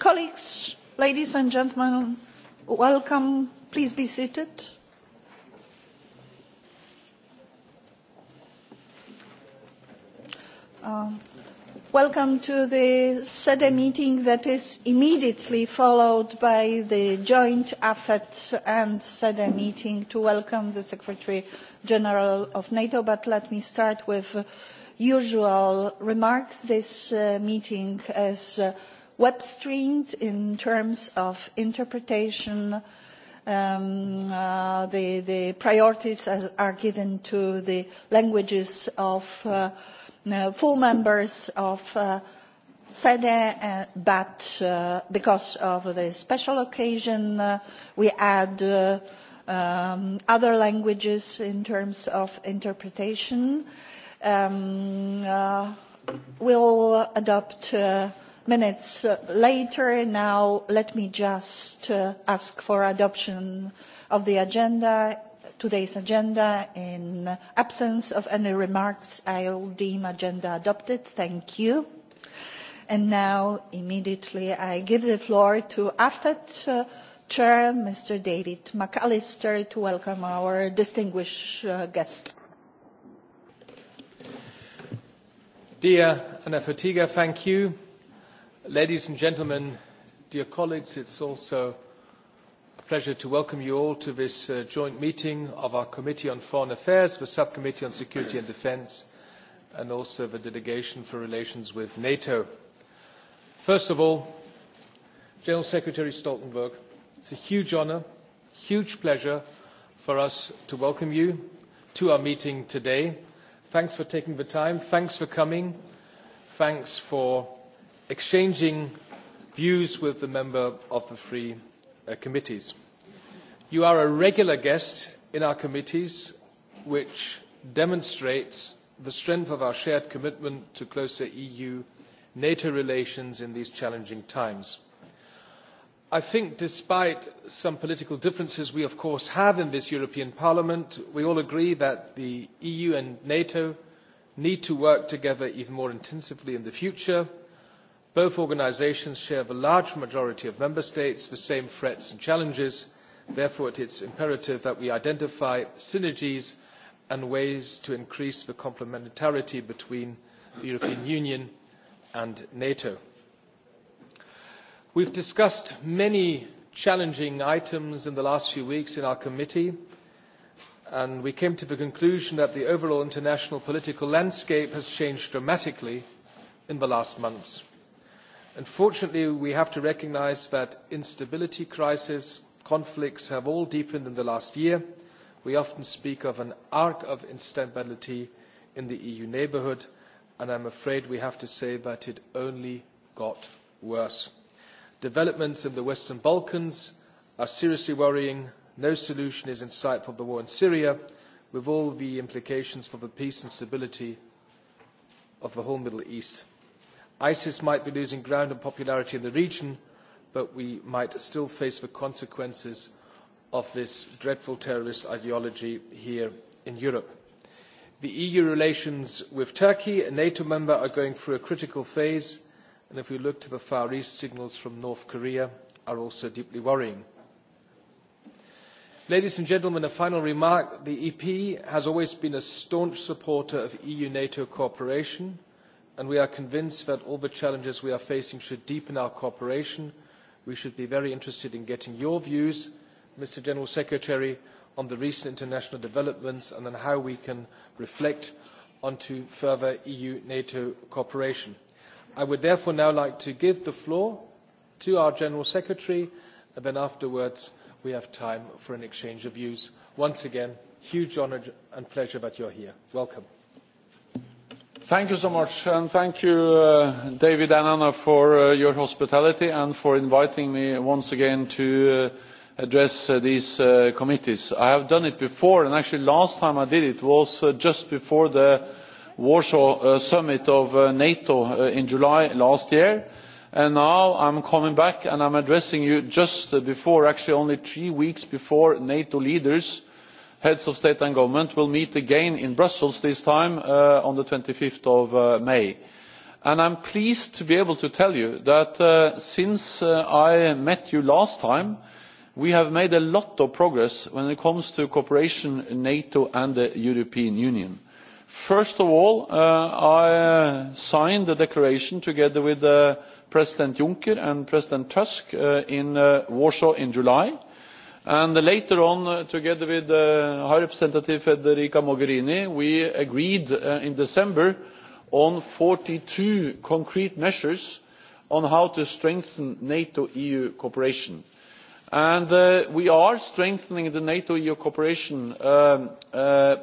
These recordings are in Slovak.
colleagues ladies and gentlemen welcome please be seated. Um, welcome to the sede meeting that is immediately followed by the joint afet and sede meeting to welcome the secretary general of nato but let me start with usual remarks. this uh, meeting as web streamed in terms of interpretation. Um, uh, the, the priorities as, are given to the languages of uh, uh full members of uh, SEDE, but uh, because of the special occasion, uh, we add um, other languages in terms of interpretation. Um, we'll adopt minutes later. Now let me just uh, ask for adoption of the agenda, today's agenda. In absence of any remarks, I will deem agenda adopted. Thank you. And now immediately I give the floor to AFET uh, Chair, Mr. David McAllister, to welcome our distinguished uh, guest. Dear Anna Fatiga, thank you Ladies and gentlemen, dear colleagues, it's also a pleasure to welcome you all to this uh, joint meeting of our Committee on Foreign Affairs, the Subcommittee on Security and Defence, and also the Delegation for Relations with NATO. First of all, General Secretary Stoltenberg, it's a huge honour, huge pleasure for us to welcome you to our meeting today. Thanks for taking the time. Thanks for coming. Thanks for exchanging views with the member of the three uh, committees. You are a regular guest in our committees, which demonstrates the strength of our shared commitment to closer EU-NATO relations in these challenging times. I think despite some political differences we of course have in this European Parliament, we all agree that the EU and NATO need to work together even more intensively in the future – Both organisations share the large majority of member states, the same threats and challenges. Therefore, it is imperative that we identify synergies and ways to increase the complementarity between the European Union and NATO. We have discussed many challenging items in the last few weeks in our committee and we came to the conclusion that the overall international political landscape has changed dramatically in the last months. Unfortunately, we have to recognise that instability crises, conflicts have all deepened in the last year. We often speak of an arc of instability in the EU neighbourhood, and I am afraid we have to say that it only got worse. Developments in the Western Balkans are seriously worrying. No solution is in sight for the war in Syria, with all the implications for the peace and stability of the whole Middle East. ISIS might be losing ground and popularity in the region, but we might still face the consequences of this dreadful terrorist ideology here in Europe. The EU relations with Turkey, a NATO member, are going through a critical phase, and if we look to the Far East, signals from North Korea are also deeply worrying. Ladies and gentlemen, a final remark. The EP has always been a staunch supporter of EU-NATO cooperation and we are convinced that all the challenges we are facing should deepen our cooperation. we should be very interested in getting your views mr general secretary on the recent international developments and on how we can reflect on further eu nato cooperation. i would therefore now like to give the floor to our general secretary and then afterwards we have time for an exchange of views. once again huge honour and pleasure that you are here. welcome. Thank you so much, and thank you, uh, David and Anna, for uh, your hospitality and for inviting me once again to uh, address uh, these uh, committees. I have done it before, and actually last time I did it was uh, just before the Warsaw uh, summit of uh, NATO uh, in July last year. And now I'm coming back and I'm addressing you just uh, before, actually only three weeks before NATO leaders heads of state and government will meet again in brussels this time uh, on twenty five uh, may and i am pleased to be able to tell you that uh, since i met you last time we have made a lot of progress when it comes to cooperation between nato and the european union. first of all i signed the declaration together with president juncker and president tusk in warsaw in july And later on, uh, together with uh, High Representative Federica Mogherini, we agreed uh, in December on forty two concrete measures on how to strengthen NATO-EU cooperation. And we are strengthening the NATO-EU cooperation um,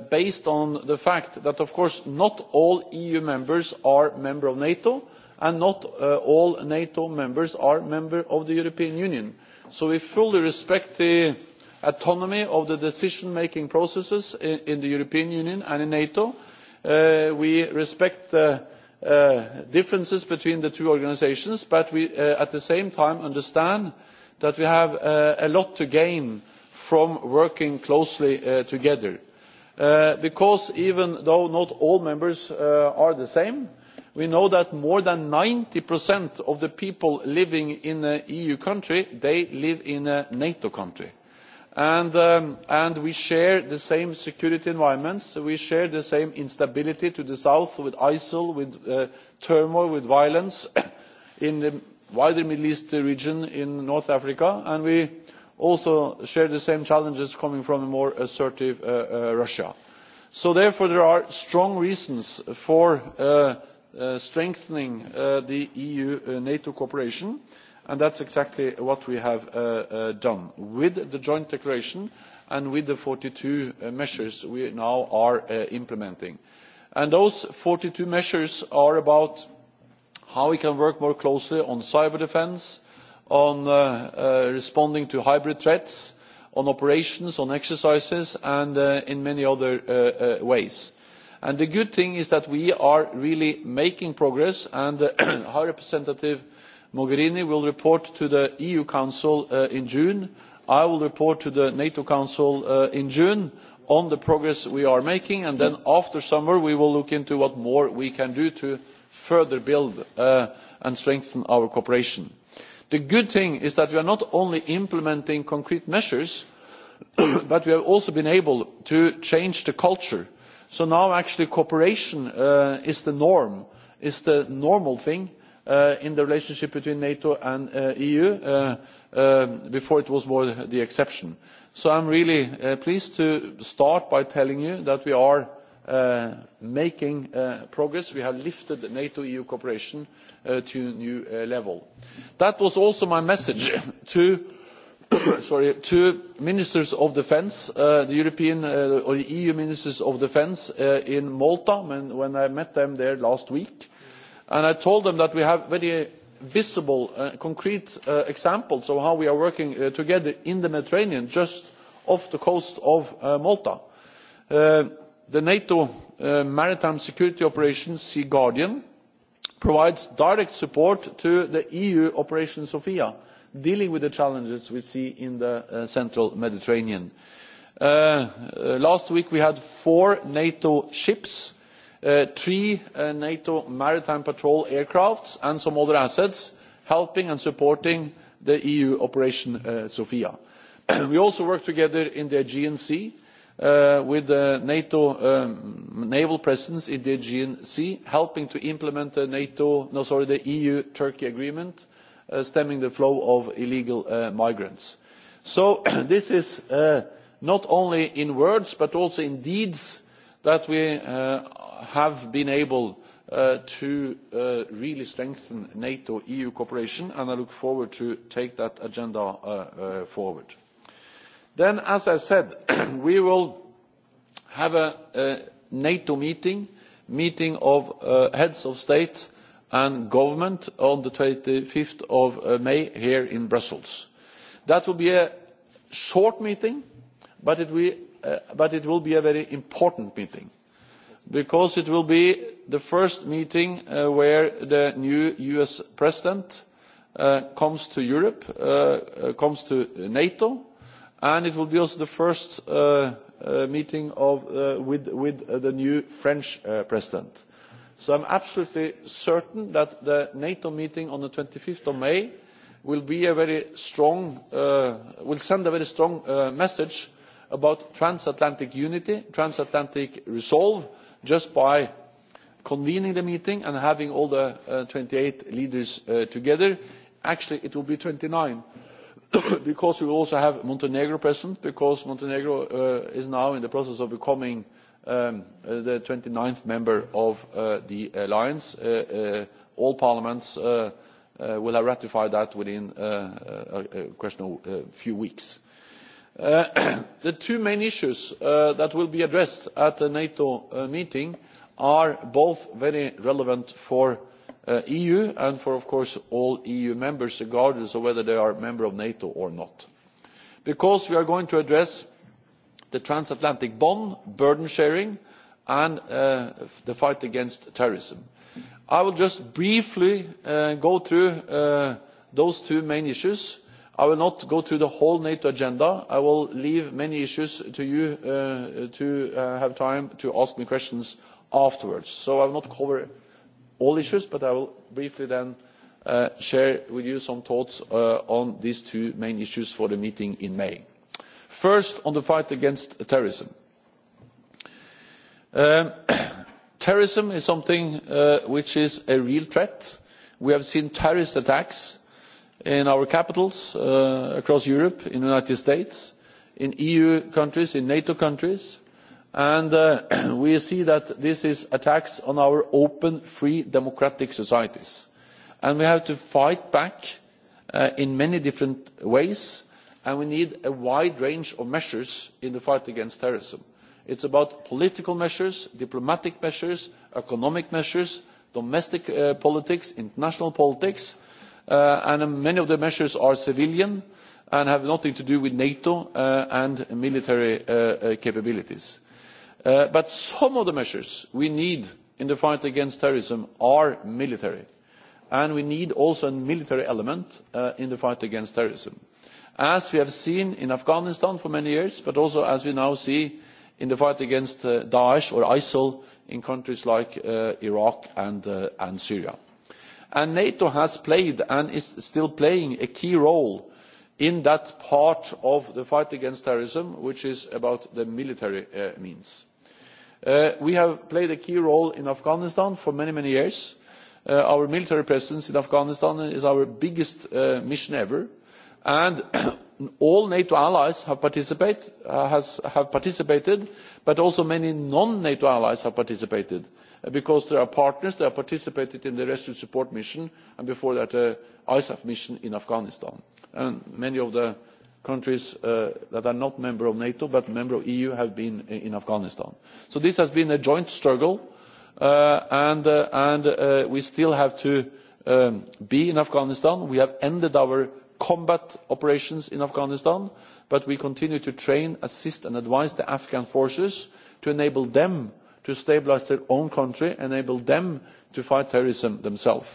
based on the fact that, of course, not all EU members are members of NATO, and not all NATO members are members of the European Union so we fully respect the autonomy of the decision making processes in, the european union and in nato. Uh, we respect the uh, differences between the two organisations but we uh, at the same time understand that we have a lot to gain from working closely together because even though not all members are the same we know that more than ninety of the people living in an eu country live in a nato country um, and, we share the same security environments we share the same instability to the south with isil with uh, turmoil with violence in the wider middle east region in north africa and we also share the same challenges coming from a more assertive uh, uh russia. so therefore there are strong reasons for uh, Uh, strengthening uh, the eu uh, nato cooperation and that is exactly what we have done with the joint declaration and with the forty two measures we are now implementing. those forty two measures are about how we can work more closely on cyber defence on responding to hybrid threats on operations on exercises and in many other ways the good thing is that we are really making progress and uh, high representative mogherini will report to the eu council uh, in june i will report to the nato council uh, in june on the progress we are making and then after summer we will look into what more we can do to further build and strengthen our cooperation. the good thing is that we are not only implementing concrete measures but we have also been able to change the culture so now actually cooperation uh, is the norm is the normal thing uh, in the relationship between nato and EU uh, eu uh, um, before it was more the exception. so I'm really really uh, pleased to start by telling you that we are uh, making progress we have lifted nato eu cooperation to a new level. that was also my message to sorry, to ministers of defence, uh, the European uh, or the EU ministers of defence uh, in Malta when, I met them there last week, and I told them that we have very visible, concrete examples of how we are working together in the Mediterranean, just off the coast of Malta. the NATO maritime security operation Sea Guardian provides direct support to the EU Operation Sophia dealing with the challenges we see in the uh, central mediterranean. Uh, uh, last week we had four nato ships three nato maritime patrol aircraft and some other assets helping and supporting the eu operation sophia. we also work together in the aegean sea with the nato um, naval presence in the aegean sea helping to implement the, NATO, no, sorry, the eu turkey agreement Uh, stemming the flow of illegal uh, migrants. so this is uh, not only in words but also in deeds that we have been able to really strengthen nato eu cooperation and i look forward to taking that agenda forward. then as i said we will have a nato meeting a meeting of heads of state and government on the twenty five of uh, may here in brussels. that will be a short meeting uh, but it, will, be a very important meeting because it will be the first meeting uh, where the new us president comes to europe comes to nato and it will be also the first meeting with, with the new french president so i am absolutely certain that the nato meeting on twenty five may uh, will send a very strong uh, message about transatlantic unity transatlantic resolve just by convening the meeting and having all the uh, twenty eight leaders together. actually it will be twenty nine because we will also have montenegro present because montenegro is now in the process of becoming Um, uh, the twenty ninth member of uh, the alliance uh, all parliaments will have ratified that within a question of a few weeks. the two main issues that will be addressed at the nato meeting are both very relevant for the eu and for of course all eu members regardless of whether they are members member of nato or not because we are going to address the transatlantic bond burden sharing and uh, the fight against terrorism. i will just briefly uh, go through uh, those two main issues. i will not go through the whole nato agenda. i will leave many issues to you to have time to ask me questions afterwards. so i will not cover all issues but i will briefly then share with you some thoughts on these two main issues for the meeting in may first on the fight against terrorism um, terrorism is something uh, which is a real threat. we have seen terrorist attacks in our capitals uh, across europe in the united states in eu countries in nato countries and uh, we see that this is attacks on our open free democratic societies and we have to fight back in many different ways and we need a wide range of measures in the fight against terrorism. it is about political measures diplomatic measures economic measures domestic uh, politics international politics uh, and many of the measures are civilian and have nothing to do with nato uh, and military capabilities. but some of the measures we need in the fight against terrorism are military and we need also a military element in the fight against terrorism as we have seen in afghanistan for many years but also as we now see in the fight against uh, daesh or isil in countries like uh, iraq and, uh, and syria. And nato has played and is still playing a key role in that part of the fight against terrorism which is about the military means. we have played a key role in afghanistan for many many years. our military presence in afghanistan is our biggest mission ever and all nato allies have, uh, has, have participated but also many non nato allies have participated uh, because they are partners they have participated in the rescue support mission and before that the uh, isaf mission in afghanistan. And many of the countries that are not members of nato but members of the eu have been in afghanistan. so this has been a joint struggle and, we still have to um, be in afghanistan. we have ended our combat operations in afghanistan but we continue to train assist and advise the afghan forces to enable them to stabilise their own country and enable them to fight terrorism themselves.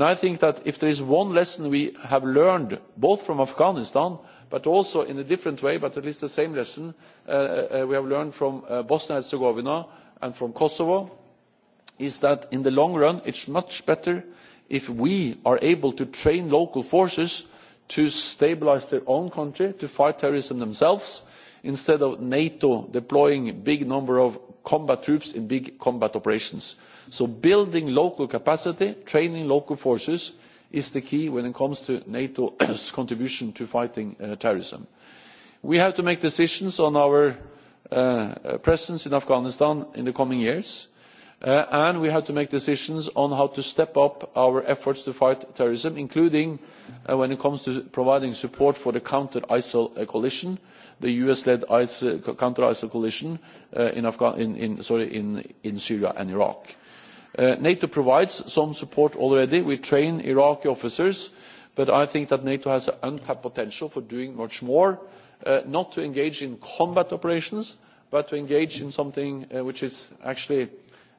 i think that if there is one lesson we have learned both from afghanistan but also in a different way but at least the same lesson uh, uh, we have learned from uh, bosnia and herzegovina and from kosovo is that in the long run it is much better if we are able to train local forces to stabilise their own country to fight terrorism themselves instead of nato deploying a big number of combat troops in big combat operations. so building local capacity training local forces is the key when it comes to nato's contribution to fighting uh, terrorism. we have to make decisions on our uh, presence in afghanistan in the coming years. Uh, and we have to make decisions on how to step up our efforts to fight terrorism including uh, when it comes to providing support for the counter isil uh, coalition the us led counter isil coalition in, in, in syria and iraq. nato provides some support already we train iraqi officers but i think that nato has an untapped potential for doing much more not to engage in combat operations but to engage in something which is actually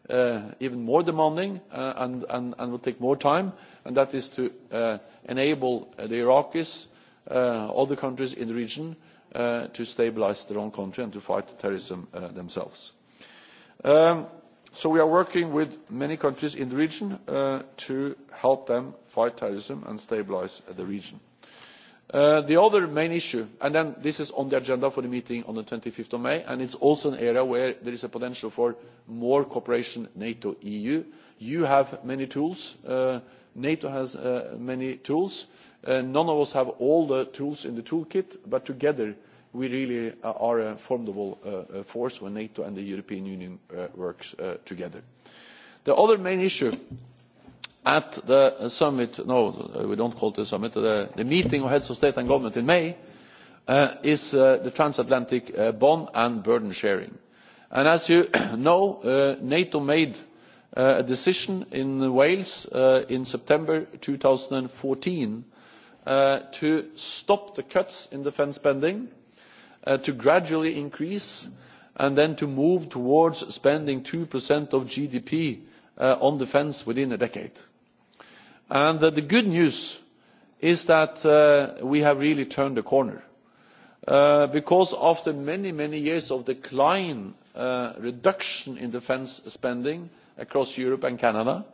Uh, even more demanding uh, and, and, will take more time, and that is to uh, enable the Iraqis, uh, other countries in the region, to stabilize their own country and to fight terrorism themselves. Um, so we are working with many countries in the region to help them fight terrorism and stabilize the region Uh, the other main issue and then this is on the agenda for the meeting on twenty five may and it is also an area where there is a potential for more cooperation nato eu. you have many tools uh, nato has uh, many tools uh, none of us have all the tools in the toolkit but together we really are a formidable force when nato and the european union work together. the other main issue at the summit no we don't call it a summit the, the meeting of heads of state and government in may uh, is uh, the transatlantic uh, bond and burden sharing and as you know nato made a decision in wales in september two thousand and fourteen to stop the cuts in defence spending to gradually increase and then to move towards spending two of gdp on defence within a decade And the good news is that uh, we have really turned the corner. Uh, because after many, many years of decline, uh, reduction in defence spending across Europe and Canada,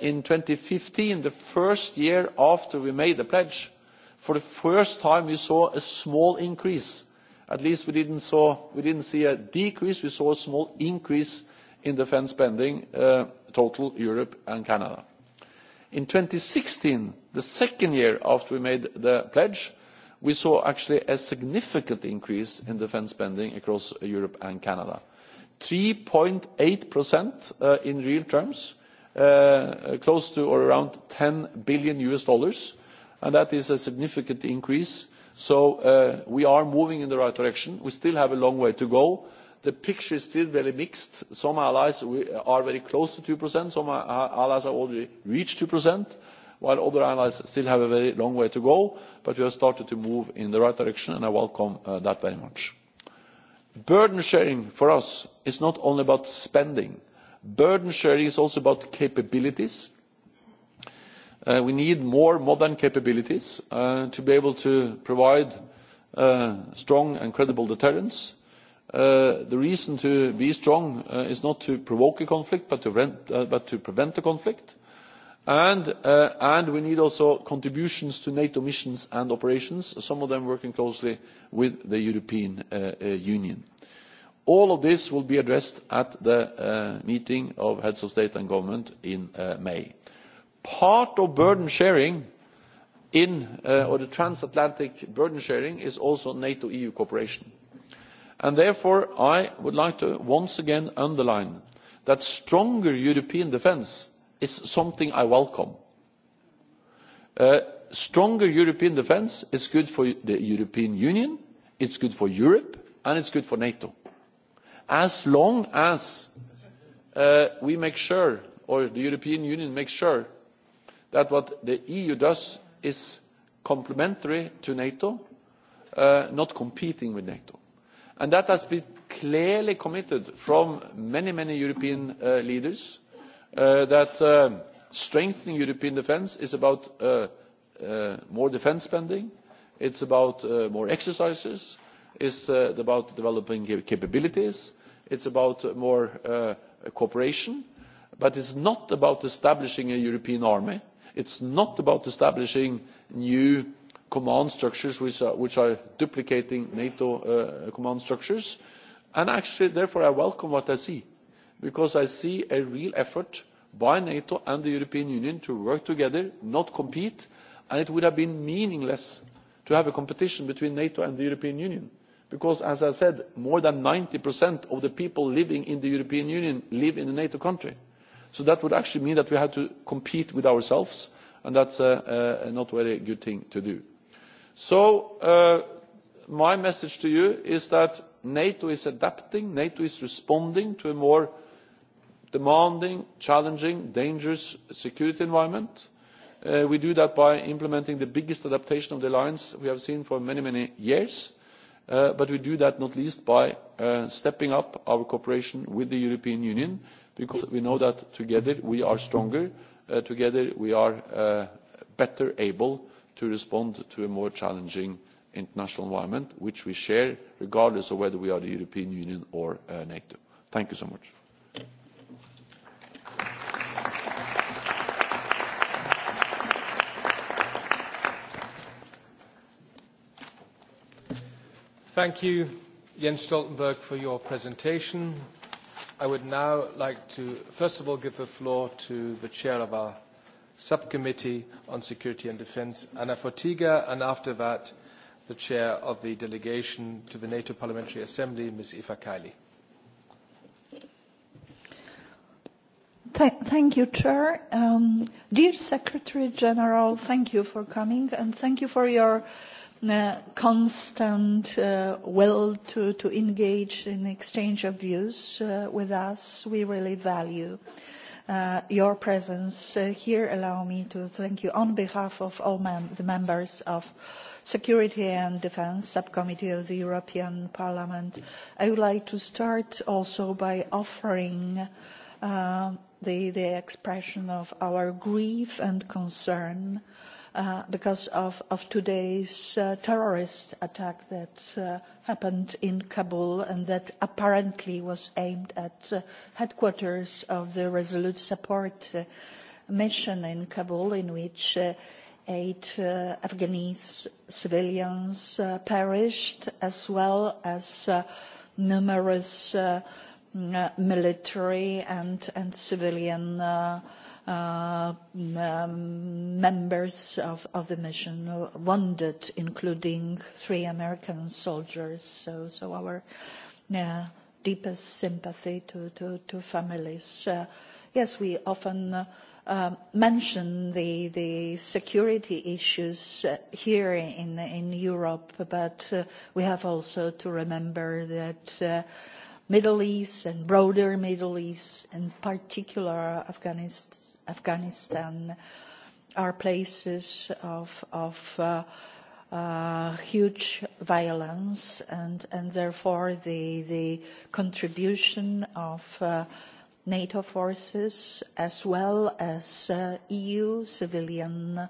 in fifteen, the first year after we made the pledge, for the first time we saw a small increase. At least we didn't, saw, we didn't see a decrease, we saw a small increase in defence spending, total Europe and Canada in two thousand and sixteen the second year after we made the pledge we saw actually a significant increase in defence spending across europe and canada three eight uh, in real terms uh, close to or around usd ten billion US dollars, and that is a significant increase so uh, we are moving in the right direction. we still have a long way to go the picture is still very mixed. Some allies are very close to percent, some allies have already reached percent, while other allies still have a very long way to go, but we have started to move in the right direction, and I welcome uh, that very much. Burden sharing for us is not only about spending. Burden sharing is also about capabilities. Uh, we need more modern capabilities uh, to be able to provide strong and credible deterrence Uh, the reason to be strong uh, is not to provoke a conflict but to, uh, prevent a conflict and, and we need also contributions to nato missions and operations some of them working closely with the european union. all of this will be addressed at the meeting of heads of state and government in may. part of burden sharing in, or the transatlantic burden sharing is also nato eu cooperation therefore i would like to once again underline that stronger european defence is something i welcome. Uh, stronger european defence is good for the european union it is good for europe and it is good for nato as long as uh, we make sure or the european union makes sure that what the eu does is complementary to nato uh, not competing with nato and that has been clearly committed from many many european uh, leaders uh, that um, strengthening european defence is about uh, more defence spending it's about more exercises it's about developing capabilities it's about more cooperation but it's not about establishing a european army it's not about establishing new command structures which are, which are duplicating nato uh, command structures and actually therefore i welcome what i see because i see a real effort by nato and the european union to work together not compete and it would have been meaningless to have a competition between nato and the european union because as i said more than ninety of the people living in the european union live in a nato country so that would actually mean that we had to compete with ourselves and that's not a very good thing to do so uh, my message to you is that nato is adapting nato is responding to a more demanding challenging dangerous security environment. Uh, we do that by implementing the biggest adaptation of the alliance we have seen for many many years uh, but we do that not least by stepping up our cooperation with the european union because we know that together we are stronger together we are better able to respond to a more challenging international environment which we share regardless of whether we are the european union or uh, nato. thank you so much. thank you jens stoltenberg for your presentation. i would now like to first of all give the floor to the chair of our Subcommittee on Security and Defence, Anna Fortiga, and after that, the chair of the delegation to the NATO Parliamentary Assembly, Ms. Eva Kaili. Th thank you, Chair. Um, dear Secretary General, thank you for coming and thank you for your uh, constant uh, will to, to engage in exchange of views uh, with us. We really value uh, Uh, your presence uh, here. Allow me to thank you on behalf of all the members of Security and Defence Subcommittee of the European Parliament. I would like to start also by offering uh, the, expression of our grief and concern at uh, because of, of today's uh, terrorist attack that uh, happened in Kabul and that apparently was aimed at uh, headquarters of the Resolute Support uh, mission in Kabul in which uh, eight uh, Afghanese civilians uh, perished as well as uh, numerous uh, uh military and, and civilian uh, uh, um, members of, of the mission uh, wounded, including three American soldiers. So, so our uh, deepest sympathy to, to, to families. Uh, yes, we often uh, Uh, mention the, the security issues uh, here in, in Europe, but uh, we have also to remember that uh, Middle East and broader Middle East, in particular Afghanistan, Afghanistan are places of, of uh, uh, huge violence and, and therefore the, the contribution of uh, NATO forces as well as uh, EU civilian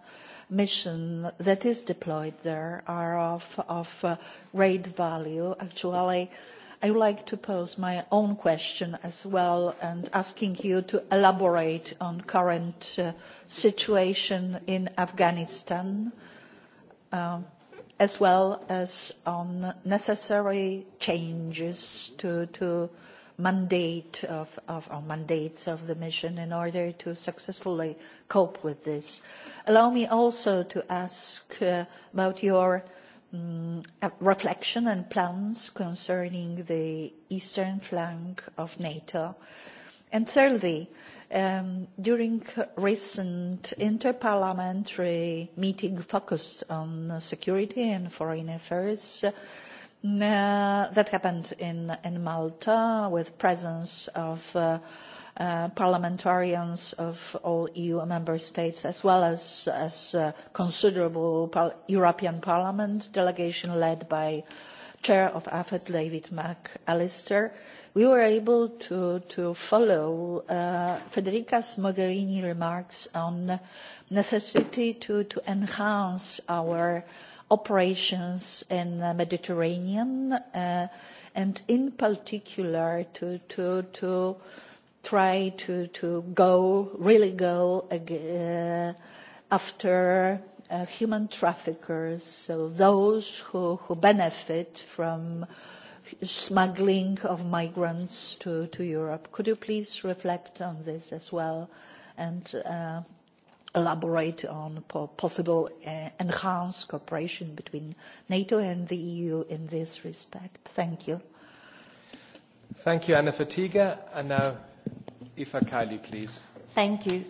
mission that is deployed there are of, of uh, great value. Actually, i would like to pose my own question as well and asking you to elaborate on current uh, situation in Afghanistan uh, as well as on necessary changes to, to mandate of, of or mandates of the mission in order to successfully cope with this. Allow me also to ask uh, about your um, reflection and plans concerning the eastern flank of NATO. And thirdly, um, during recent interparliamentary meeting focused on security and foreign affairs, uh, that happened in, in Malta with presence of uh, Uh, parliamentarians of all EU member states, as well as, a uh, considerable European Parliament delegation led by chair of AFET, David McAllister, we were able to, follow uh, Federica Mogherini's remarks on the necessity to, enhance our operations in the Mediterranean and in particular to try to, to go, really go uh, after uh, human traffickers, so those who, who benefit from smuggling of migrants to, to Europe. Could you please reflect on this as well and uh, elaborate on po possible uh, enhanced cooperation between NATO and the EU in this respect? Thank you. Thank you, Anna Fatiga. And now Eva Kaili, Thank you.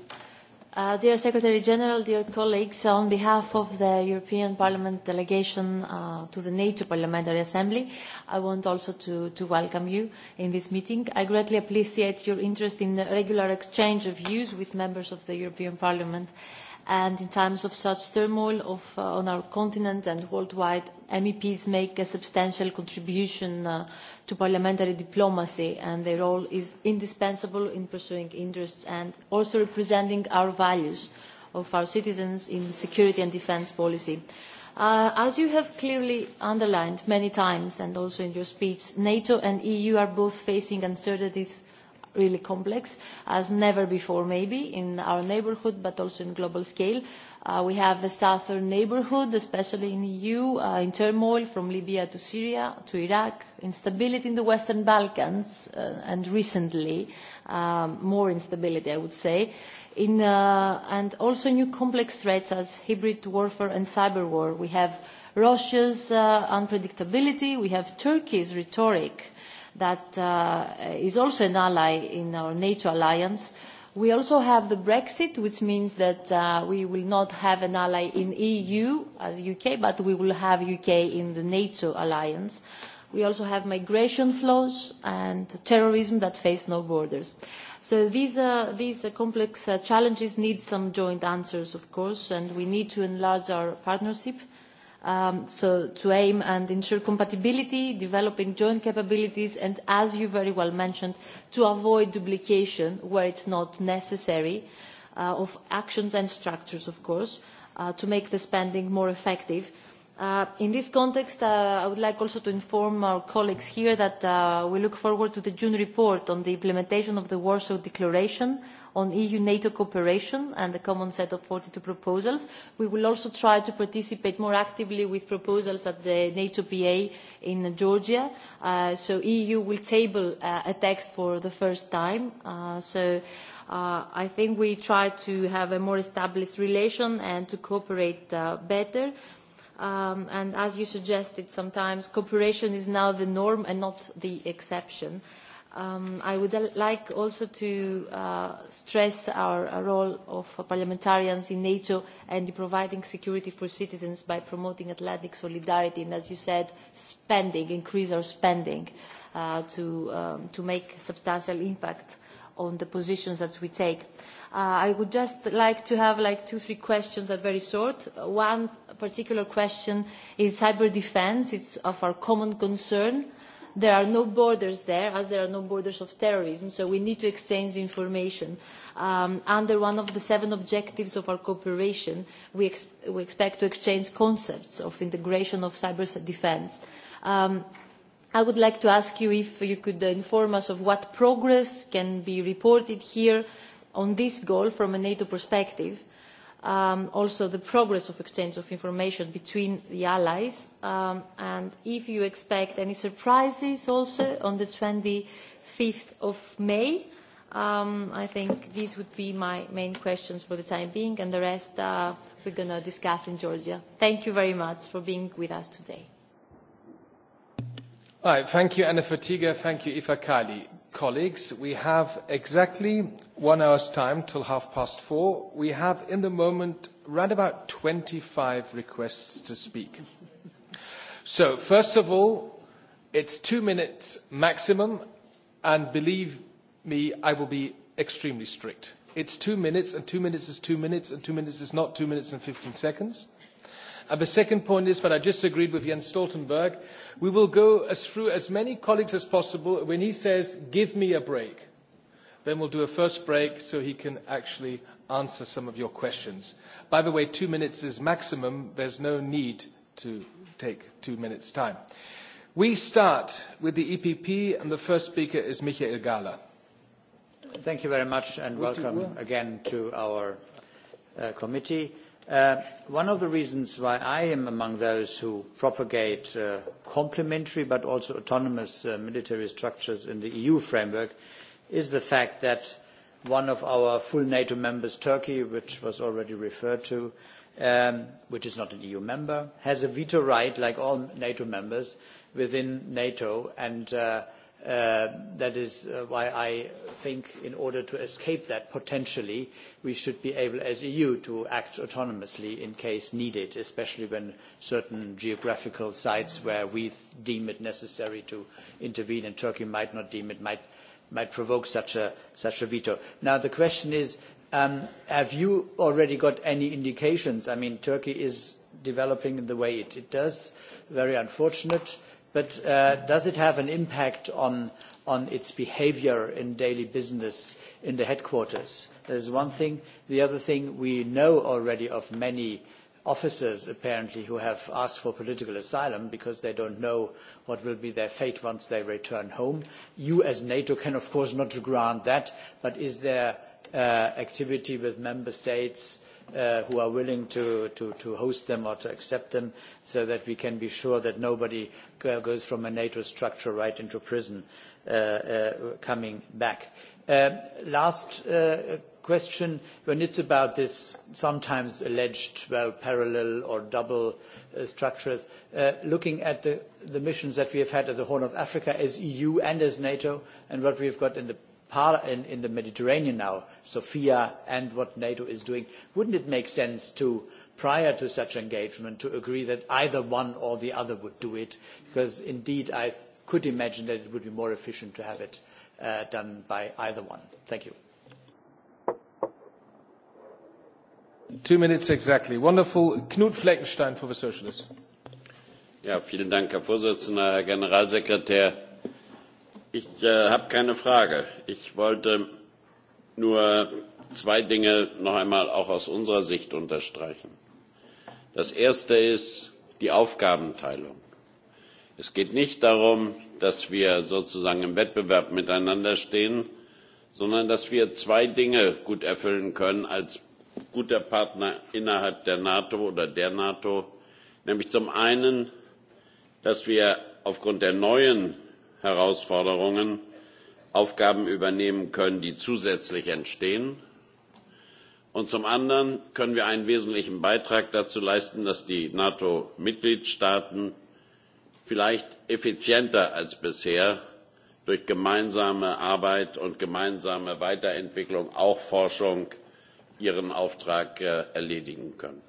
Uh, dear Secretary General, dear colleagues, on behalf of the European Parliament delegation uh, to the NATO Parliamentary Assembly, I want also to, to welcome you in this meeting. I greatly appreciate your interest in the regular exchange of views with members of the European Parliament. Uh, and in times of such turmoil uh, on our continent and worldwide, MEPs make a substantial contribution uh, to parliamentary diplomacy and their role is indispensable in pursuing interests and also representing our values of our citizens in security and defence policy. Uh, as you have clearly underlined many times and also in your speech, NATO and the EU are both facing uncertainties really complex as never before maybe in our neighbourhood but also on a global scale. Uh, we have a southern neighbourhood, especially in the EU, uh, in turmoil from Libya to Syria to Iraq, instability in the Western Balkans, uh, and recently um, more instability, I would say, in, uh, and also new complex threats as hybrid warfare and cyber war. We have Russia's uh, unpredictability, we have Turkey's rhetoric, that uh, is also an ally in our NATO alliance. We also have the Brexit, which means that uh, we will not have an ally in EU as UK, but we will have UK in the NATO alliance. We also have migration flows and terrorism that face no borders. So these, uh, these uh, complex uh, challenges need some joint answers, of course, and we need to enlarge our partnership Um, so to aim and ensure compatibility, developing joint capabilities, and as you very well mentioned, to avoid duplication where it's not necessary uh, of actions and structures, of course, uh, to make the spending more effective. Uh, in this context, uh, I would like also to inform our colleagues here that uh, we look forward to the June report on the implementation of the Warsaw Declaration on EU-NATO cooperation and the common set of forty two proposals. We will also try to participate more actively with proposals at the NATO PA in Georgia. Uh, so the EU will table uh, a text for the first time. Uh, so I think we try to have a more established relation and to cooperate better. Um, and as you suggested, sometimes cooperation is now the norm and not the exception. Um, I would like also to uh, stress our, our uh, role of parliamentarians in NATO and in providing security for citizens by promoting Atlantic solidarity and, as you said, spending, increase our spending uh, to, um, to make substantial impact on the positions that we take. Uh, I would just like to have like two, three questions that are very short. One particular question is cyber defense. It's of our common concern there are no borders there as there are no borders of terrorism so we need to exchange information. Um, under one of the seven objectives of our cooperation we, ex we expect to exchange concepts of integration of cyber defence. Um, I would like to ask you if you could inform us of what progress can be reported here on this goal from a NATO perspective um, also the progress of exchange of information between the allies, um, and if you expect any surprises also on the 25th of May. Um, I think these would be my main questions for the time being, and the rest uh, we're going to discuss in Georgia. Thank you very much for being with us today. All right, thank you, Anna Fatiga. Thank you, Ifa Kali colleagues, we have exactly one hour's time till half past four. We have in the moment round about 25 requests to speak. so first of all, it's two minutes maximum, and believe me, I will be extremely strict. It's two minutes, and two minutes is two minutes, and two minutes is not two minutes and 15 seconds. And uh, the second point is that I just agreed with Jens Stoltenberg. We will go as through as many colleagues as possible. When he says, give me a break, then we'll do a first break so he can actually answer some of your questions. By the way, two minutes is maximum. There's no need to take two minutes' time. We start with the EPP, and the first speaker is Michael Gahler. Thank you very much, and welcome again to our uh, committee. Uh, one of the reasons why I am among those who propagate uh, complementary but also autonomous uh, military structures in the EU framework is the fact that one of our full NATO members, Turkey, which was already referred to, um, which is not an EU member, has a veto right, like all NATO members, within NATO. And uh, Uh, that is uh, why i think in order to escape that potentially we should be able as the eu to act autonomously in case needed especially when certain geographical sites where we deem it necessary to intervene and turkey might not deem it might, might provoke such a, such a veto. now the question is um, have you already got any indications? i mean turkey is developing in the way it, it does very unfortunate but uh, does it have an impact on, on its behaviour in daily business in the headquarters? That is one thing. The other thing, we know already of many officers apparently who have asked for political asylum because they don't know what will be their fate once they return home. You as NATO can of course not grant that, but is there uh, activity with member states uh, who are willing to, to, to host them or to accept them so that we can be sure that nobody goes from a NATO structure right into prison uh, uh, coming back. Uh, last uh, question, when it's about this sometimes alleged well, parallel or double uh, structures, uh, looking at the, the missions that we have had at the Horn of Africa as EU and as NATO and what we've got in the in, in the Mediterranean now, Sophia and what NATO is doing, wouldn't it make sense to, prior to such engagement, to agree that either one or the other would do it? Because indeed, I could imagine that it would be more efficient to have it uh, done by either one. Thank you. Two minutes exactly. Wonderful. Knut Fleckenstein for the Socialists. Ja, vielen Dank, Herr Vorsitzender, Herr Generalsekretär ich äh, habe keine Frage. Ich wollte nur zwei Dinge noch einmal auch aus unserer Sicht unterstreichen. Das erste ist die Aufgabenteilung. Es geht nicht darum, dass wir sozusagen im Wettbewerb miteinander stehen, sondern dass wir zwei Dinge gut erfüllen können als guter Partner innerhalb der NATO oder der NATO, nämlich zum einen, dass wir aufgrund der neuen herausforderungen aufgaben übernehmen können die zusätzlich entstehen und zum anderen können wir einen wesentlichen beitrag dazu leisten dass die nato mitgliedstaaten vielleicht effizienter als bisher durch gemeinsame arbeit und gemeinsame weiterentwicklung auch forschung ihren auftrag äh, erledigen können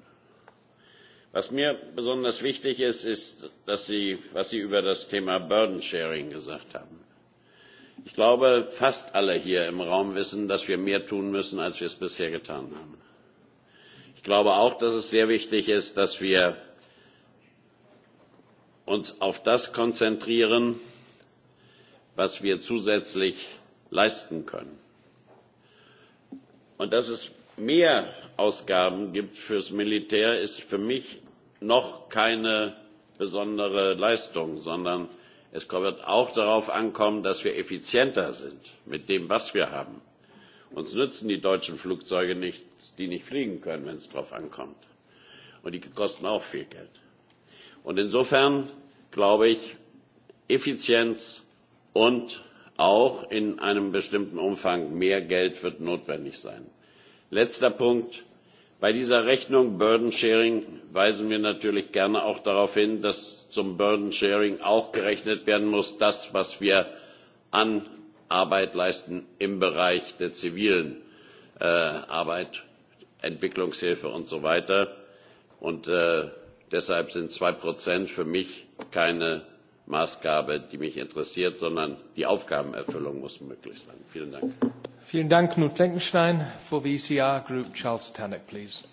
was mir besonders wichtig ist ist was sie über das thema burden sharing gesagt haben. ich glaube fast alle hier im raum wissen dass wir mehr tun müssen als wir es bisher getan haben. ich glaube auch dass es sehr wichtig ist dass wir uns auf das konzentrieren was wir zusätzlich leisten können. und das ist mehr ausgaben gibt fürs militär ist für mich noch keine besondere leistung sondern es wird auch darauf ankommen dass wir effizienter sind mit dem was wir haben. uns nützen die deutschen flugzeuge nichts die nicht fliegen können wenn es darauf ankommt und die kosten auch viel geld. Und insofern glaube ich effizienz und auch in einem bestimmten umfang mehr geld wird notwendig sein. letzter punkt bei dieser rechnung burden sharing weisen wir natürlich gerne auch darauf hin dass zum burden sharing auch gerechnet werden muss das was wir an arbeit leisten im bereich der zivilen äh, arbeit entwicklungshilfe und so weiter und äh, deshalb sind zwei Prozent für mich keine Maßgabe, die mich interessiert, sondern die Aufgabenerfüllung muss möglich sein. Vielen Dank. Vielen Dank, Knut For e Group, Charles Tannock, please.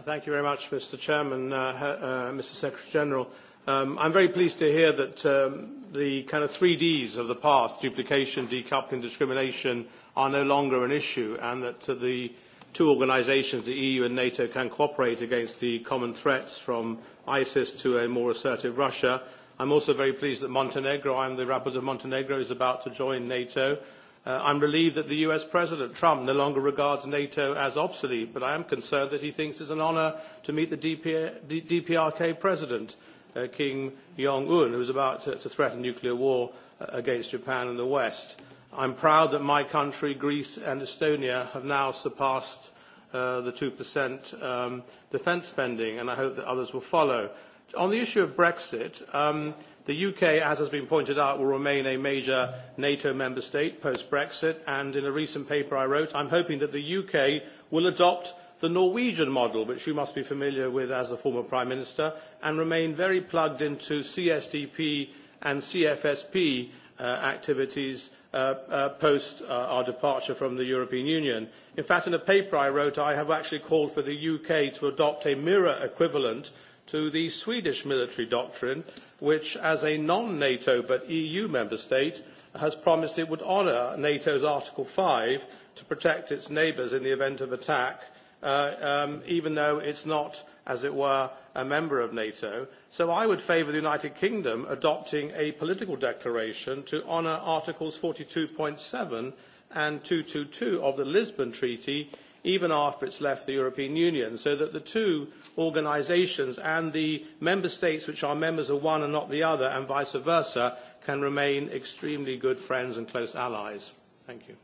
Thank you very much, Mr. Chairman, uh, uh, Mr. Secretary General. Um, I'm very pleased to hear that um, the kind of three Ds of the past, duplication, decoupling, discrimination, are no longer an issue, and that uh, the two organisations, the EU and NATO, can cooperate against the common threats from ISIS to a more assertive Russia. I'm also very pleased that Montenegro, I'm the rapporteur of Montenegro, is about to join NATO Uh, I'm relieved that the US President Trump no longer regards NATO as obsolete, but I am concerned that he thinks it's an honour to meet the D, DPRK President, uh, Kim Jong-un, who is about to, to threaten nuclear war uh, against Japan and the West. I'm proud that my country, Greece and Estonia, have now surpassed uh, the 2% um, defence spending, and I hope that others will follow. On the issue of Brexit, um, The UK, as has been pointed out, will remain a major NATO member state post-Brexit, and in a recent paper I wrote, I am hoping that the UK will adopt the Norwegian model, which you must be familiar with as a former Prime Minister, and remain very plugged into CSDP and CFSP uh, activities uh, uh, post uh, our departure from the European Union. In fact, in a paper I wrote, I have actually called for the UK to adopt a mirror equivalent to the Swedish military doctrine, which, as a non-NATO but EU member state, has promised it would honour NATO's Article five to protect its neighbours in the event of attack, uh, um, even though it is not, as it were, a member of NATO. So I would favour the United Kingdom adopting a political declaration to honour Articles forty two seven and two hundred and two of the Lisbon Treaty, even after it has left the European Union, so that the two organisations and the member states which are members of one and not the other, and vice versa, can remain extremely good friends and close allies. Thank you.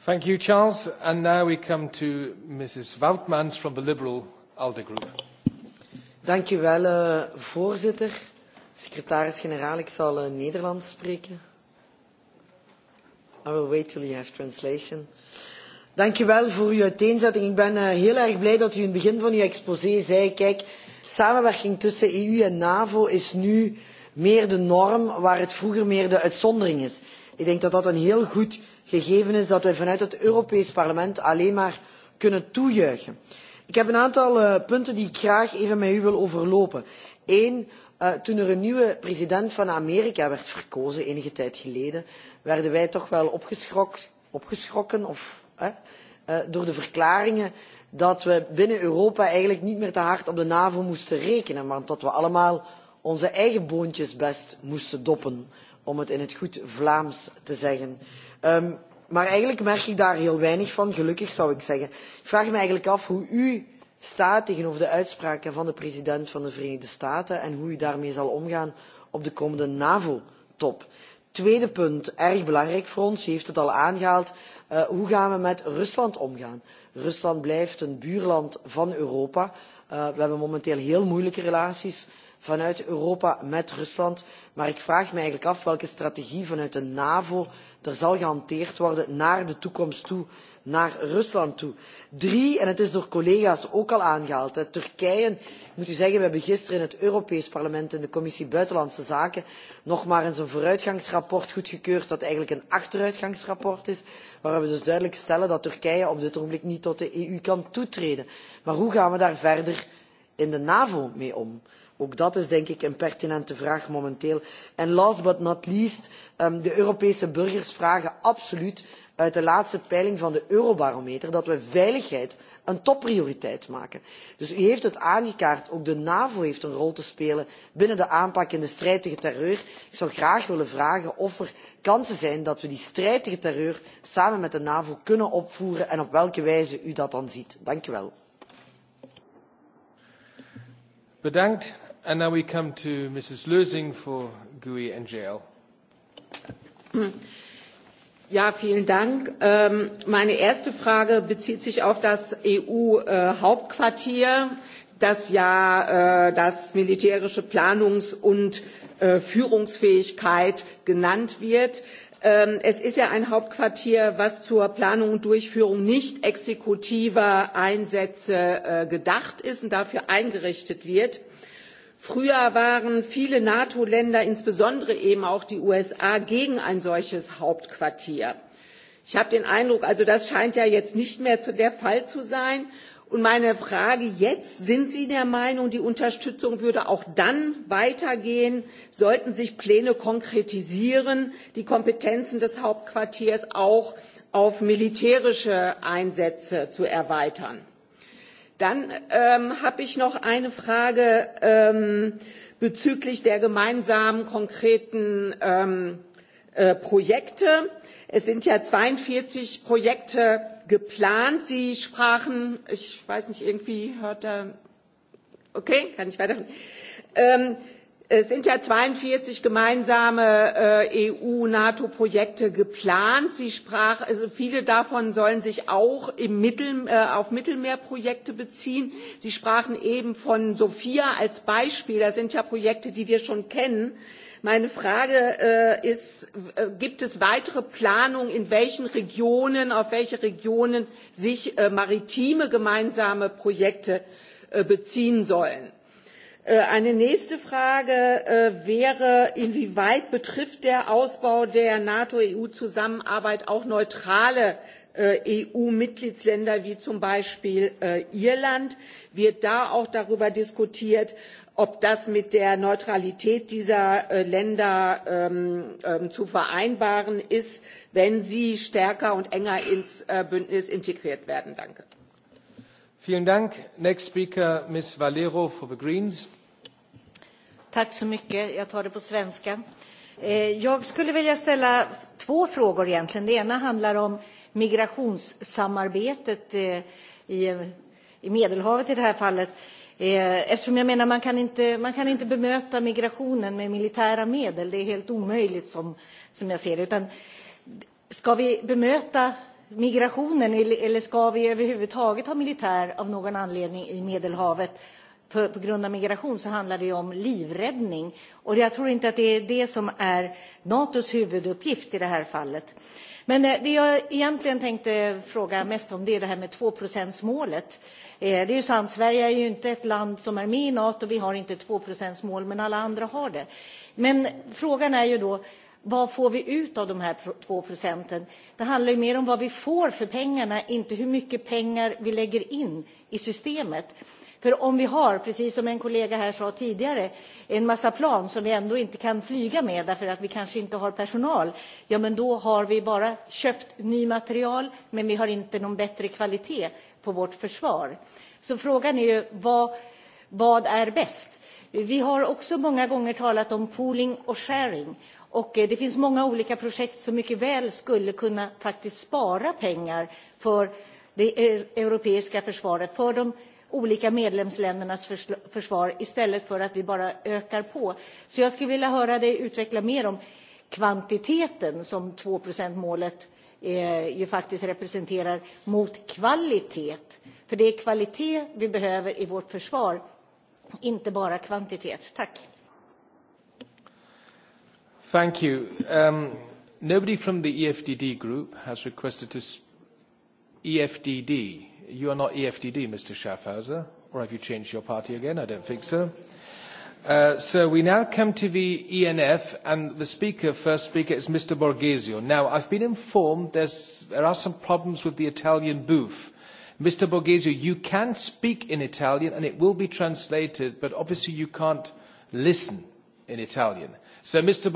Thank you, Charles. And now we come to Mrs. Woutmans from the Liberal ALDE Group. uh, voorzitter. Secretaris-generaal, ik zal uh, Nederlands spreken. I will wait till you have translation. Uh, Dank u wel voor uw uiteenzetting. Ik ben eh, heel erg blij dat u in het begin van uw exposé zei, kijk, samenwerking tussen EU en NAVO is nu meer de norm waar het vroeger meer de uitzondering is. Ik denk dat dat een heel goed gegeven is dat wij vanuit het Europees Parlement alleen maar kunnen toejuichen. Ik heb een aantal eh, punten die ik graag even met u wil overlopen. Eén, eh, toen er een nieuwe president van Amerika werd verkozen enige tijd geleden, werden wij toch wel opgeschrokken of Eh, door de verklaringen dat we binnen europa eigenlijk niet meer te hard op de navo moesten rekenen maar dat we allemaal onze eigen boontjes best moesten doppen om het in het goed vlaams te zeggen. Ehm, maar eigenlijk merk ik daar heel weinig van gelukkig zou ik zeggen. ik vraag me eigenlijk af hoe u staat tegenover de uitspraken van de president van de verenigde staten en hoe u daarmee zal omgaan op de komende navo top. tweede punt erg belangrijk voor ons u heeft het al aangehaald Eh, hoe gaan we met rusland omgaan? rusland blijft een buurland van europa. Eh, we hebben momenteel heel moeilijke relaties vanuit europa met rusland maar ik vraag me eigenlijk af welke strategie vanuit de navo er zal gehanteerd worden naar de toekomst toe naar rusland toe. drie en het is door collega's ook al aangehaald hè, turkije ik moet u zeggen we hebben gisteren in het europees parlement in de commissie buitenlandse zaken nog maar eens een vooruitgangsrapport goedgekeurd dat eigenlijk een achteruitgangsrapport is waarin we dus duidelijk stellen dat turkije op dit ogenblik niet tot de eu kan toetreden. maar hoe gaan we daar verder in de navo mee om? ook dat is denk ik een pertinente vraag momenteel. en last but not least Ehm, de europese burgers vragen absoluut uit de laatste peiling van de eurobarometer dat we veiligheid een topprioriteit maken. dus u heeft het aangekaart ook de navo heeft een rol te spelen binnen de aanpak in de strijd tegen terreur. ik zou graag willen vragen of er kansen zijn dat we die strijd tegen terreur samen met de navo kunnen opvoeren en op welke wijze u dat dan ziet. dank u wel. bedankt. And now we come to Mrs. for NGL. Ja, vielen Dank. Ähm, meine erste Frage bezieht sich auf das EU-Hauptquartier, äh, das ja äh, das militärische Planungs- und äh, Führungsfähigkeit genannt wird. Ähm, es ist ja ein Hauptquartier, das zur Planung und Durchführung nicht exekutiver Einsätze gedacht ist und dafür eingerichtet wird früher waren viele nato länder insbesondere eben auch die usa gegen ein solches hauptquartier. ich habe den eindruck also das scheint ja jetzt nicht mehr der fall zu sein. und meine frage jetzt sind sie der meinung die unterstützung würde auch dann weitergehen sollten sich pläne konkretisieren die kompetenzen des hauptquartiers auch auf militärische einsätze zu erweitern? Dann ähm, habe ich noch eine Frage ähm, bezüglich der gemeinsamen konkreten ähm, äh, Projekte. Es sind ja 42 Projekte geplant. Sie sprachen, ich weiß nicht, irgendwie hört er, okay, kann ich weiter. Ähm, Es sind ja 42 gemeinsame äh, EU-NATO-Projekte geplant. Sie sprach, also viele davon sollen sich auch Mittel, äh, auf Mittelmeerprojekte beziehen. Sie sprachen eben von Sophia als Beispiel. Das sind ja Projekte, die wir schon kennen. Meine Frage äh, ist, gibt es weitere Planungen, in welchen Regionen, auf welche Regionen sich maritime gemeinsame Projekte beziehen sollen? Äh, eine nächste Frage äh, wäre, inwieweit betrifft der Ausbau der NATO-EU-Zusammenarbeit auch neutrale äh, EU-Mitgliedsländer wie zum Beispiel Irland? Wird da auch darüber diskutiert, ob das mit der Neutralität dieser Länder ähm, ähm, zu vereinbaren ist, wenn sie stärker und enger ins Bündnis integriert werden? Danke. Speaker, Tack så mycket. Jag tar det på svenska. Eh, jag skulle vilja ställa två frågor egentligen. Det ena handlar om migrationssamarbetet eh, i Medelhavet i det här fallet. Eh, eftersom jag menar man kan inte, man kan inte bemöta migrationen med militära medel. Det är helt omöjligt som, som jag ser det. Utan ska vi bemöta migrationen eller ska vi överhuvudtaget ha militär av någon anledning i Medelhavet på, på grund av migration så handlar det ju om livräddning. Och jag tror inte att det är det som är Natos huvuduppgift i det här fallet. Men eh, det jag egentligen tänkte fråga mest om det är det här med 2 målet. Eh, det är ju sant, Sverige är ju inte ett land som är med i Nato, vi har inte 2 mål, men alla andra har det. Men frågan är ju då, Vad får vi ut av de här två procenten? Det handlar ju mer om vad vi får för pengarna, inte hur mycket pengar vi lägger in i systemet. För om vi har, precis som en kollega här sa tidigare, en massa plan som vi ändå inte kan flyga med därför att vi kanske inte har personal, ja men då har vi bara köpt ny material men vi har inte någon bättre kvalitet på vårt försvar. Så frågan är ju vad, vad är bäst? Vi har också många gånger talat om pooling och sharing. Och eh, det finns många olika projekt som mycket väl skulle kunna faktiskt spara pengar för det eh, europeiska försvaret, för de olika medlemsländernas försvar istället för att vi bara ökar på. Så jag skulle vilja höra dig utveckla mer om kvantiteten som 2 målet eh, ju faktiskt representerar mot kvalitet. För det är kvalitet vi behöver i vårt försvar, inte bara kvantitet. Tack! Thank you. Um, nobody from the EFDD group has requested to... EFDD. You are not EFDD, Mr. Schaffhauser, or have you changed your party again? I don't think so. Uh, so we now come to the ENF, and the speaker, first speaker is Mr. Borghesio. Now, I've been informed there's, there are some problems with the Italian booth. Mr. Borghesio, you can speak in Italian, and it will be translated, but obviously you can't listen in Italian. So, Mr.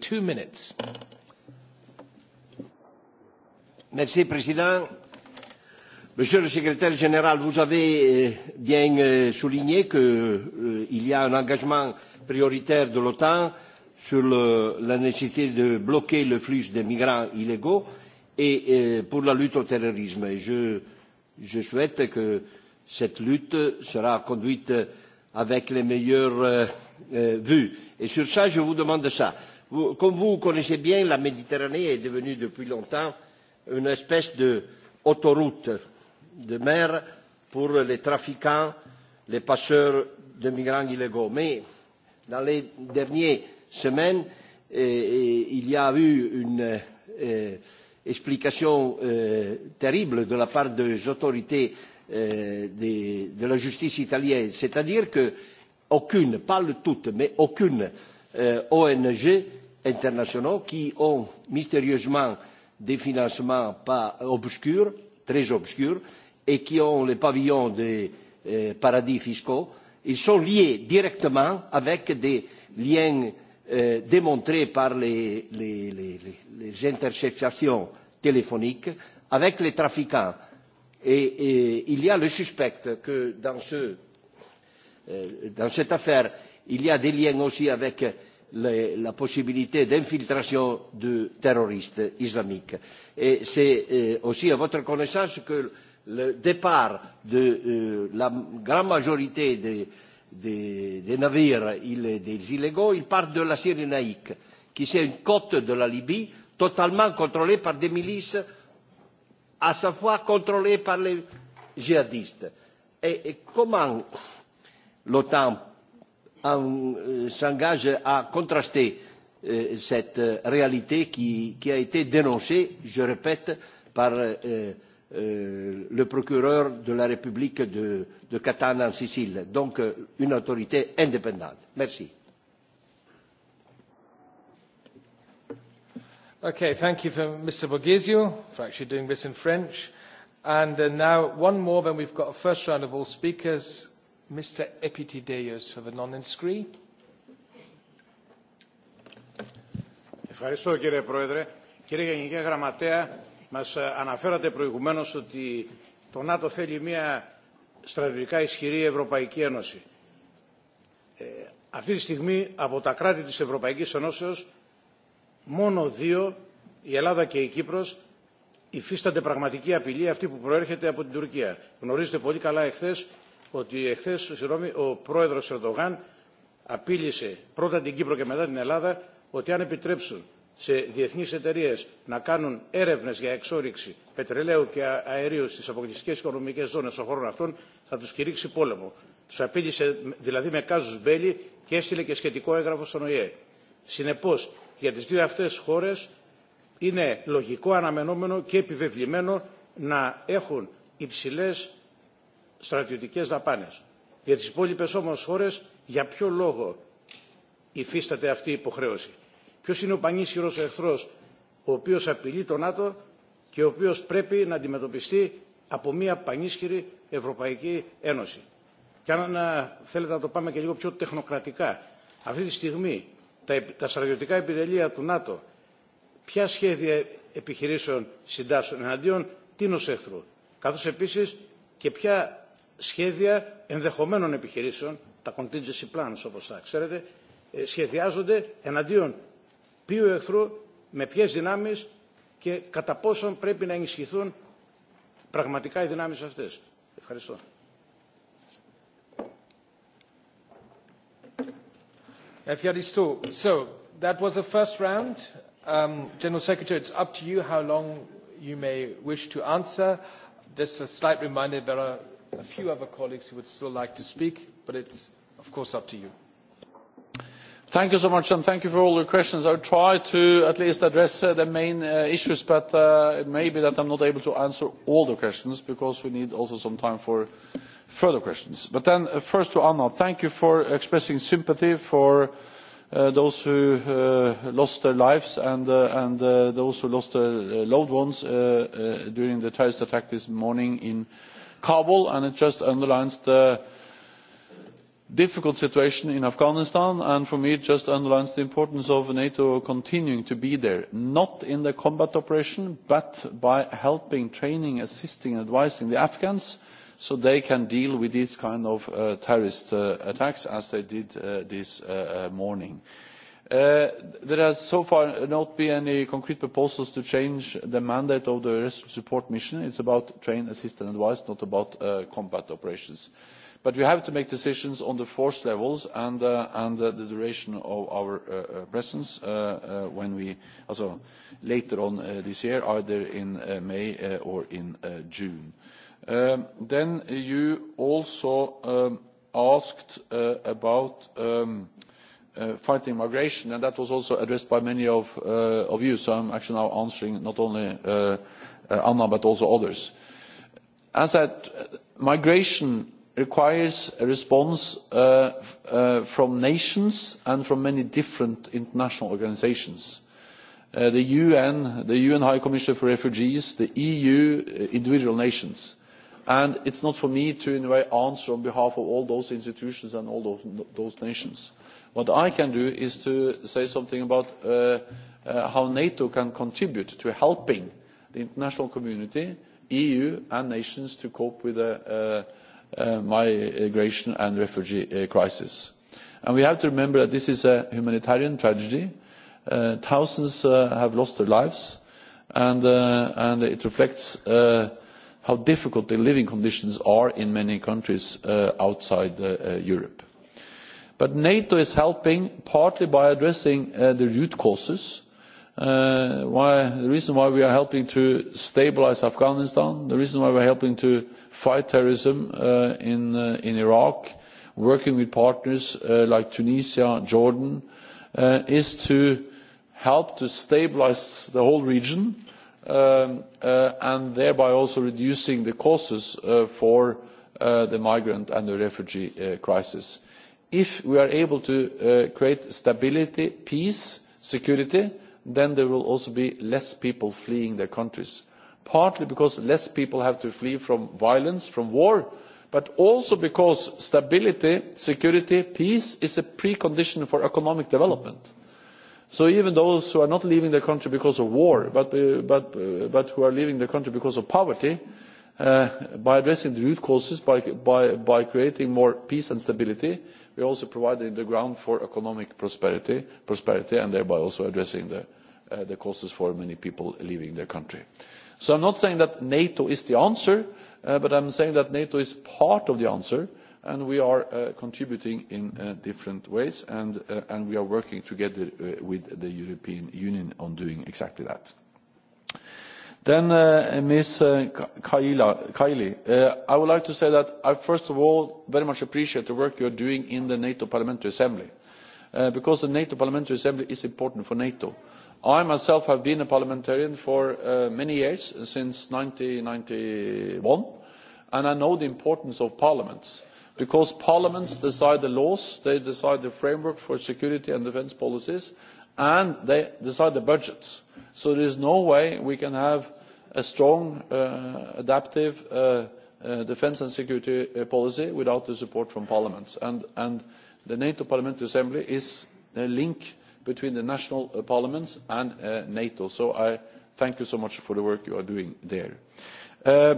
two minutes. Monsieur le Président, Monsieur le Secrétaire général, vous avez euh, bien euh, souligné qu'il euh, y a un engagement prioritaire de l'OTAN sur le, la nécessité de bloquer le flux des migrants illégaux et pour la lutte au terrorisme. Je, je souhaite que cette lutte sera conduite avec les meilleures euh, euh, vues. Et sur ça, je vous demande ça. Vous, comme vous connaissez bien, la Méditerranée est devenue depuis longtemps une espèce d'autoroute de, mer pour les trafiquants, les passeurs de migrants illégaux. Mais dans les dernières semaines, eh, eh, il y a eu une eh, explication euh, terrible de la part des autorités euh, des, de la justice italienne. C'est-à-dire qu'aucune, pas le toutes, mais aucune euh, ONG internationale qui ont mystérieusement des financements pas obscurs, très obscurs, et qui ont le pavillon des euh, paradis fiscaux, ils sont liés directement avec des liens euh, démontrés par les, les, les, les téléphoniques avec les trafiquants Et, il y a le suspect que dans, ce, euh, dans cette affaire, il y a des liens aussi avec les, la possibilité d'infiltration de terroristes islamiques. Et c'est euh, aussi à votre connaissance que le départ de euh, la grande majorité des, des, des navires il, des illégaux, il part de la Syrie naïque, qui c'est une côte de la Libye totalement contrôlée par des milices à sa fois contrôlée par les djihadistes. Et, et comment l'OTAN euh, s'engage à contraster euh, cette euh, réalité qui, qui, a été dénoncée, je répète, par euh, le procureur de la République de, de Catane en Sicile, donc une autorité indépendante. Merci. Okay, thank you for Mr. Borghesio for actually doing this in French. And uh, now one more, then we've got a first round of all speakers. Mr. Epitideos for the non-inscree. Ευχαριστώ κύριε Πρόεδρε. Κύριε Γενική Γραμματέα, μας αναφέρατε προηγουμένως ότι το ΝΑΤΟ θέλει μια στρατηγικά ισχυρή Ευρωπαϊκή Ένωση. Ε, αυτή τη στιγμή από τα κράτη της Ευρωπαϊκής Ενώσεως μόνο δύο, η Ελλάδα και η Κύπρος, υφίστανται πραγματική απειλή αυτή που προέρχεται από την Τουρκία. Γνωρίζετε πολύ καλά εχθές ότι εχθές συγνώμη, ο πρόεδρος Ερντογάν απείλησε πρώτα την Κύπρο και μετά την Ελλάδα ότι αν επιτρέψουν σε διεθνείς εταιρείες να κάνουν έρευνες για εξόριξη πετρελαίου και αερίου στις αποκλειστικές οικονομικές ζώνες των χωρών αυτών θα τους κηρύξει πόλεμο. Τους απείλησε δηλαδή με κάζους μπέλη και έστειλε και σχετικό έγγραφο στον ΟΗΕ. Συνεπώς για τις δύο αυτές χώρες είναι λογικό, αναμενόμενο και επιβεβλημένο να έχουν υψηλές στρατιωτικές δαπάνες. Για τις υπόλοιπες όμως χώρες για ποιο λόγο υφίσταται αυτή η υποχρέωση. Ποιος είναι ο πανίσχυρος εχθρός ο οποίος απειλεί τον ΝΑΤΟ και ο οποίος πρέπει να αντιμετωπιστεί από μια πανίσχυρη Ευρωπαϊκή Ένωση. Και αν θέλετε να το πάμε και λίγο πιο τεχνοκρατικά, αυτή τη στιγμή τα, στρατιωτικά επιτελεία του ΝΑΤΟ ποια σχέδια επιχειρήσεων συντάσσουν εναντίον τίνος εχθρού, καθώς επίσης και ποια σχέδια ενδεχομένων επιχειρήσεων, τα contingency plans όπως τα ξέρετε, σχεδιάζονται εναντίον ποιου εχθρού, με ποιες δυνάμεις και κατά πόσον πρέπει να ενισχυθούν πραγματικά οι δυνάμεις αυτές. Ευχαριστώ. Efiaristo, so that was the first round. Um, General Secretary, it's up to you how long you may wish to answer. Just a slight reminder, there are a few other colleagues who would still like to speak, but it's, of course, up to you. Thank you so much, and thank you for all your questions. I'll try to at least address uh, the main uh, issues, but uh, it may be that I'm not able to answer all the questions because we need also some time for further questions. But then, uh, first to Anna, thank you for expressing sympathy for uh, uh, those who lost their lives and those who lost their loved ones during the terrorist attack this morning in Kabul, and it just underlines the difficult situation in Afghanistan, and for me, it just underlines the importance of NATO continuing to be there, not in the combat operation, but by helping, training, assisting, and advising the Afghans so they can deal with these kind of uh, terrorist uh, attacks as they did uh, this morning. there has so far not been any concrete proposals to change the mandate of the rescue support mission. It is about train, assistance and advice not about combat operations. But we have to make decisions on the force levels and, the duration of our presence when we, also later on this year, either in May or in June. Um, then you also um, asked uh, about um, uh, fighting migration and that was also addressed by many of, uh, of you so i am actually now answering not only anna but also others. As that, migration requires a response from nations and from many different international organisations. the un the un high commissioner for refugees the eu individual nations and it is not for me to in a way answer on behalf of all those institutions and all those, nations. what i can do is to say something about uh, uh, how nato can contribute to helping the international community eu and nations to cope with the uh, migration and refugee crisis. And we have to remember that this is a humanitarian tragedy. thousands have lost their lives and, and it reflects how difficult the living conditions are in many countries uh, outside uh, uh, Europe. But NATO is helping partly by addressing uh, the root causes. Uh, why, the reason why we are helping to stabilise Afghanistan, the reason why we are helping to fight terrorism uh, in, in, Iraq, working with partners like Tunisia, Jordan, is to help to stabilise the whole region Um, uh, and thereby also reducing the causes uh, for uh, the migrant and the refugee uh, crisis. If we are able to create stability, peace, security, then there will also be less people fleeing their countries. Partly because less people have to flee from violence, from war, but also because stability, security, peace is a precondition for economic development so even those who are not leaving their country because of war but, uh, but, uh, but who are leaving their country because of poverty uh, by addressing the root causes by, by, by creating more peace and stability we are also providing the ground for economic prosperity, prosperity and thereby also addressing the, uh, the causes for many people leaving their country. so i am not saying that nato is the answer but i am saying that nato is part of the answer and we are uh, contributing in uh, different ways, and, uh, and we are working together with the European Union on doing exactly that. Then, Ms. Kaili, I would like to say that I first of all very much appreciate the work you are doing in the NATO Parliamentary Assembly, because the NATO Parliamentary Assembly is important for NATO. I myself have been a parliamentarian for many years, since ninety one and I know the importance of parliaments because parliaments decide the laws they decide the framework for security and defence policies and they decide the budgets so there is no way we can have a strong uh, adaptive uh, uh, defence and security policy without the support from parliaments and, and the nato parliamentary assembly is a link between the national parliaments and nato so i thank you so much for the work you are doing there. Uh,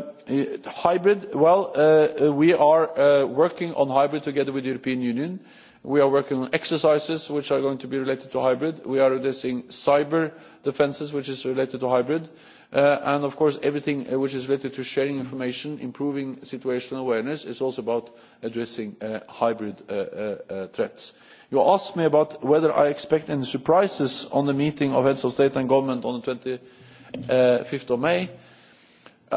hybrid, well, uh, we are uh, working on hybrid together with the European Union. We are working on exercises which are going to be related to hybrid. We are addressing cyber defences which is related to hybrid. and of course, everything which is related to sharing information, improving situational awareness is also about addressing hybrid threats. You asked me about whether I expect any surprises on the meeting of heads of state and government on the 25th of May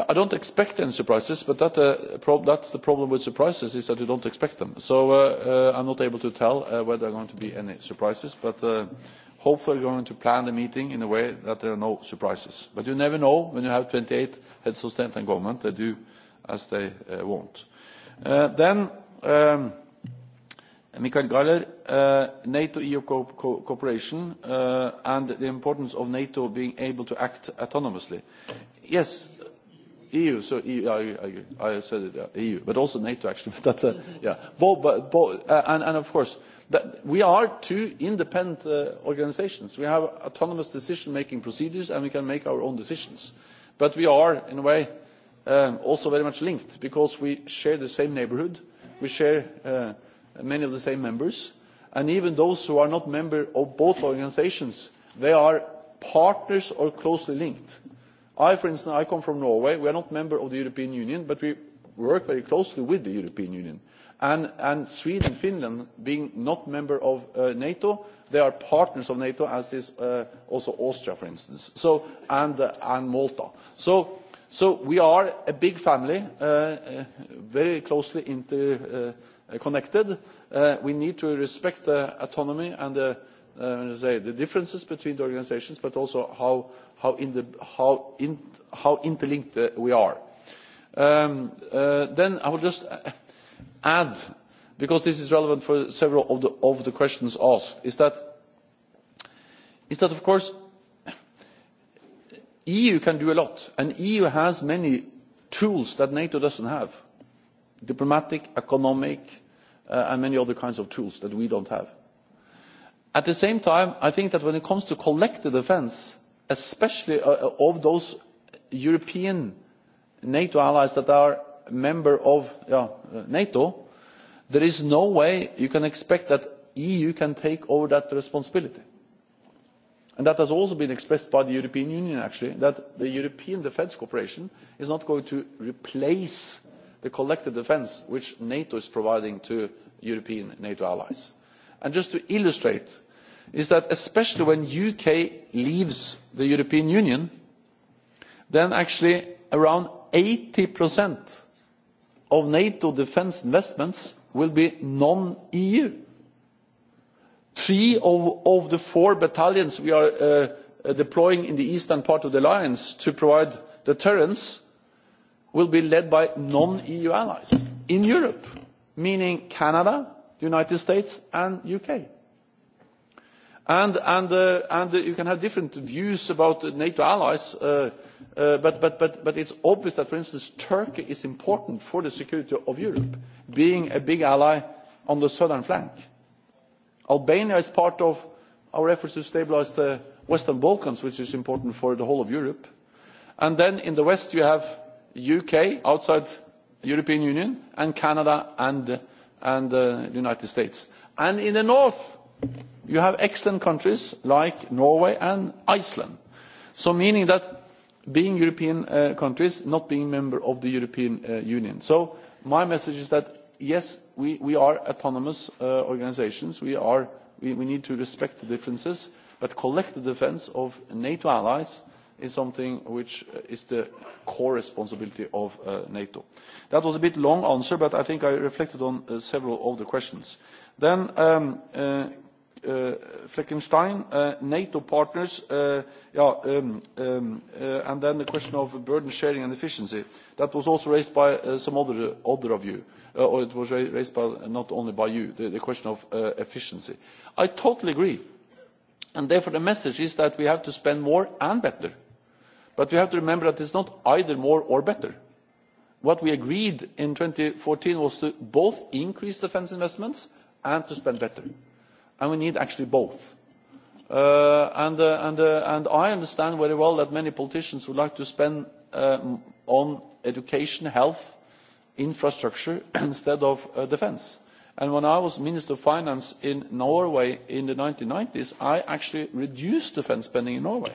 i do not expect any surprises but that is uh, the problem with surprises is that you do not expect them so uh, uh, i am not able to tell whether there are going to be any surprises but hopefully we are going to plan the meeting in a way that there are no surprises but you never know when you have twenty eight heads of state and government they do as they want. then um, michael gahler uh, nato eu cooperation uh, and the importance of nato being able to act autonomously yes EU, so EU, I, I, I said it, uh, EU, but also NATO actually. But that's a, yeah. Bo, but, bo, uh, and, and of course, that we are two independent uh, organizations. We have autonomous decision-making procedures and we can make our own decisions. But we are, in a way, um, also very much linked because we share the same neighborhood, we share uh, many of the same members, and even those who are not members of both organizations, they are partners or closely linked i, for instance, I come from Norway. We are not a member of the European Union, but we work very closely with the European Union. And, and Sweden and Finland, being not member of uh, NATO, they are partners of NATO, as is uh, also Austria, for instance, so, and, uh, and Malta. So, so we are a big family, uh, uh very closely interconnected. Uh, we need to respect the autonomy and the, the differences between the organisations, but also how how, in the, how, in, how interlinked uh, we are. Um, uh, then I will just add, because this is relevant for several of the, of the questions asked, is that, is that of course EU can do a lot, and EU has many tools that NATO doesn't have, diplomatic, economic, uh, and many other kinds of tools that we don't have. At the same time, I think that when it comes to collective defence, especially uh, uh, of those European NATO allies that are member of uh, NATO, there is no way you can expect that the EU can take over that responsibility. And that has also been expressed by the European Union, actually, that the European Defence Cooperation is not going to replace the collective defence which NATO is providing to European NATO allies. And just to illustrate is that especially when the uk leaves the european union then actually around eighty of nato defence investments will be non eu. three of, of the four battalions we are uh, uh, deploying in the eastern part of the alliance to provide deterrence will be led by non eu allies in europe meaning canada the united states and the uk and, and, uh, and you can have different views about nato allies uh, uh, but, but, but, but it is obvious that for instance turkey is important for the security of europe being a big ally on the southern flank. albania is part of our efforts to stabilise the western balkans which is important for the whole of europe and then in the west you have the uk outside the european union and canada and the uh, uh, united states and in the north you have excellent countries like norway and iceland so meaning that being european uh, countries not being member of the european uh, union so my message is that yes we, we are autonomous uh, organisations we, we, we need to respect the differences but collective defence of nato allies is something which is the core responsibility of nato. that was a bit long answer but i think i reflected on several of the questions. then um, Eh, Fleckenstein, eh, NATO partners, yeah, um, um, eh, and then the question of burden sharing and efficiency. That was also raised by some other, other of you, or it was raised by, not only by you, the, the question of efficiency. I totally agree. And therefore, the message is that we have to spend more and better. But we have to remember that it's not either more or better. What we agreed in fourteen was to both increase defence investments and to spend better and we need actually both. Uh, and, uh, and, uh, and I understand very well that many politicians would like to spend um, on education, health, infrastructure instead of uh, defence. And when I was Minister of Finance in Norway in the 1990s, I actually reduced defence spending in Norway.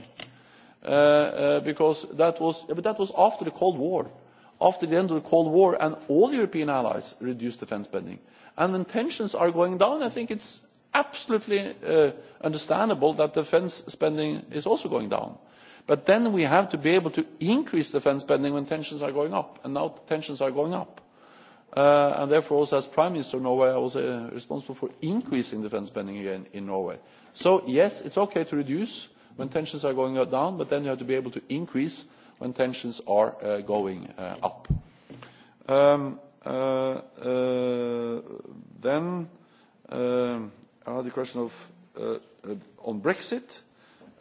Uh, uh, because that was, but that was after the Cold War. After the end of the Cold War, and all European allies reduced defence spending. And when tensions are going down, I think it's absolutely uh, understandable that defence spending is also going down. But then we have to be able to increase defence spending when tensions are going up, and now tensions are going up. Uh, and therefore, also as Prime Minister of Norway, I was uh, responsible for increasing defence spending again in Norway. So yes, it's okay to reduce when tensions are going down, but then you have to be able to increase when tensions are uh, going uh, up. Um, uh, uh, then. Um, uh, the question of uh, uh, on Brexit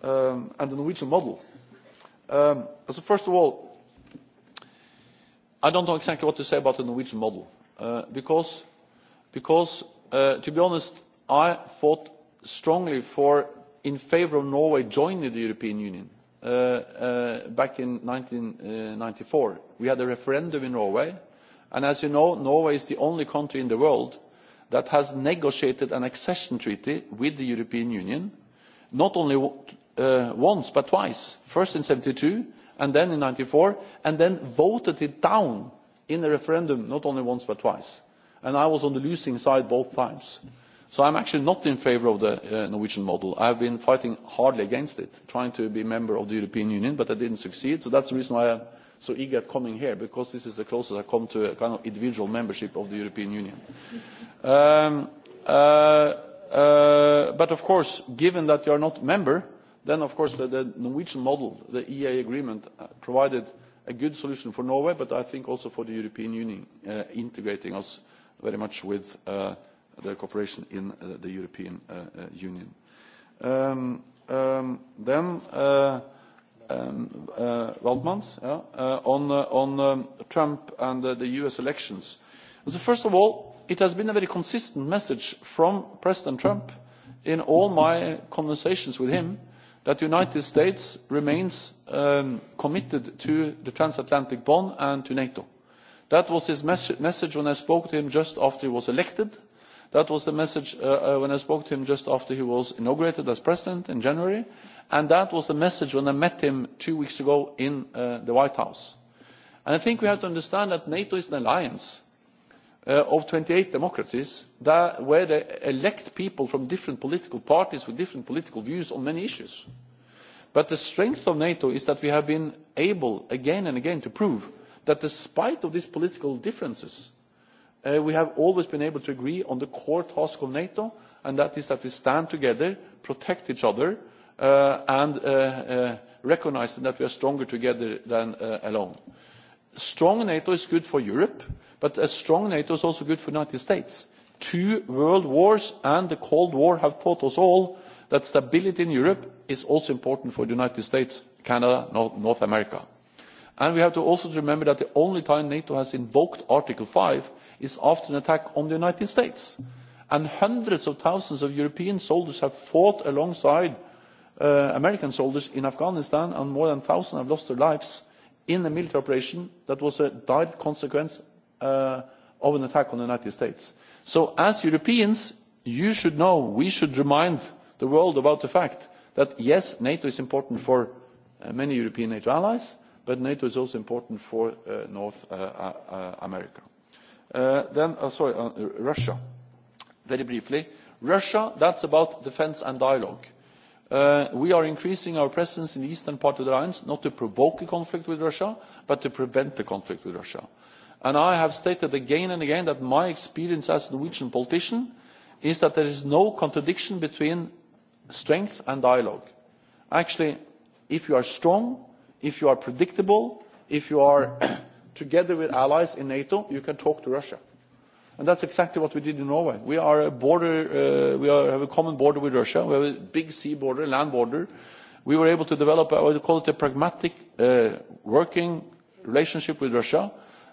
um, and the Norwegian model. Um, so first of all, I don't know exactly what to say about the Norwegian model uh, because, because uh, to be honest, I fought strongly for in favour of Norway joining the European Union uh, uh, back in 1994. Uh, We had a referendum in Norway, and as you know, Norway is the only country in the world that has negotiated an accession treaty with the european union not only uh, once but twice first in seventy two and then in ninety four and then voted it down in a referendum not only once but twice and i was on the losing side both times so i am actually not in favour of the uh, norwegian model i have been fighting hard against it trying to be a member of the european union but i did not succeed so that is the reason why i so eager coming here because this is the closest i come to a kind of individual membership of the european union. Um, uh, uh, but of course given that you are not a member then of course the, the norwegian model the eea agreement uh provided a good solution for norway but i think also for the european union uh, integrating us very much with uh the cooperation in uh the european uh, uh union. Um, um, then uh, um, uh, Waldmans yeah, uh, on, uh, on um, Trump and uh, the US elections. So first of all, it has been a very consistent message from President Trump in all my conversations with him that the United States remains um, committed to the transatlantic bond and to NATO. That was his mes message when I spoke to him just after he was elected. That was the message uh, uh when I spoke to him just after he was inaugurated as president in January and that was the message when i met him two weeks ago in uh, the white house. And i think we have to understand that nato is an alliance uh, of twenty eight democracies where they elect people from different political parties with different political views on many issues. but the strength of nato is that we have been able again and again to prove that despite of these political differences uh, we have always been able to agree on the core task of nato and that is that we stand together protect each other Uh, and uh, uh, recognising that we are stronger together than alone. Strong NATO is good for Europe, but a strong NATO is also good for the United States. Two world wars and the Cold War have taught us all that stability in Europe is also important for the United States, Canada, and North America. And we have to also remember that the only time NATO has invoked Article five is after an attack on the United States. And hundreds of thousands of European soldiers have fought alongside uh, American soldiers in Afghanistan, and more than thousand have lost their lives in a military operation that was a direct consequence eh, of an attack on the United States. So as Europeans, you should know, we should remind the world about the fact that yes, NATO is important for eh, many European NATO allies, but NATO is also important for North America. then, oh, sorry, uh, Russia. Very briefly, Russia, that's about defence and dialogue. Uh, we are increasing our presence in the eastern part of the alliance not to provoke a conflict with russia but to prevent a conflict with russia. And i have stated again and again that my experience as a norwegian politician is that there is no contradiction between strength and dialogue. actually if you are strong if you are predictable if you are together with allies in nato you can talk to russia. And that's exactly what we did in Norway. We are a border, uh, we are, have a common border with Russia. We have a big sea border, land border. We were able to develop, I would call it a pragmatic uh, working relationship with Russia,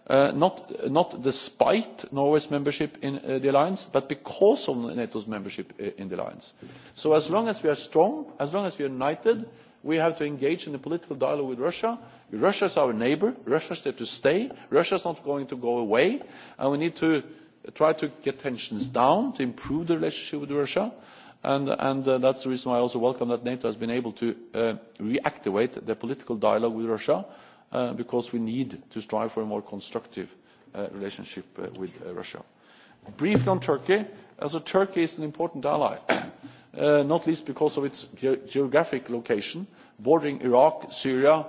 uh, not, not despite Norway's membership in uh, the alliance, but because of NATO's membership uh, in the alliance. So as long as we are strong, as long as we are united, we have to engage in a political dialogue with russia russia is our neighbour russia is there to stay russia is not going to go away and we need to try to get tensions down, to improve the relationship with Russia. And, uh, that's the reason why I also welcome that NATO has been able to uh, reactivate the political dialogue with Russia, uh, because we need to strive for a more constructive relationship with Russia. Briefly on Turkey, Turkey is an important ally, not least because of its geographic location, bordering Iraq, Syria,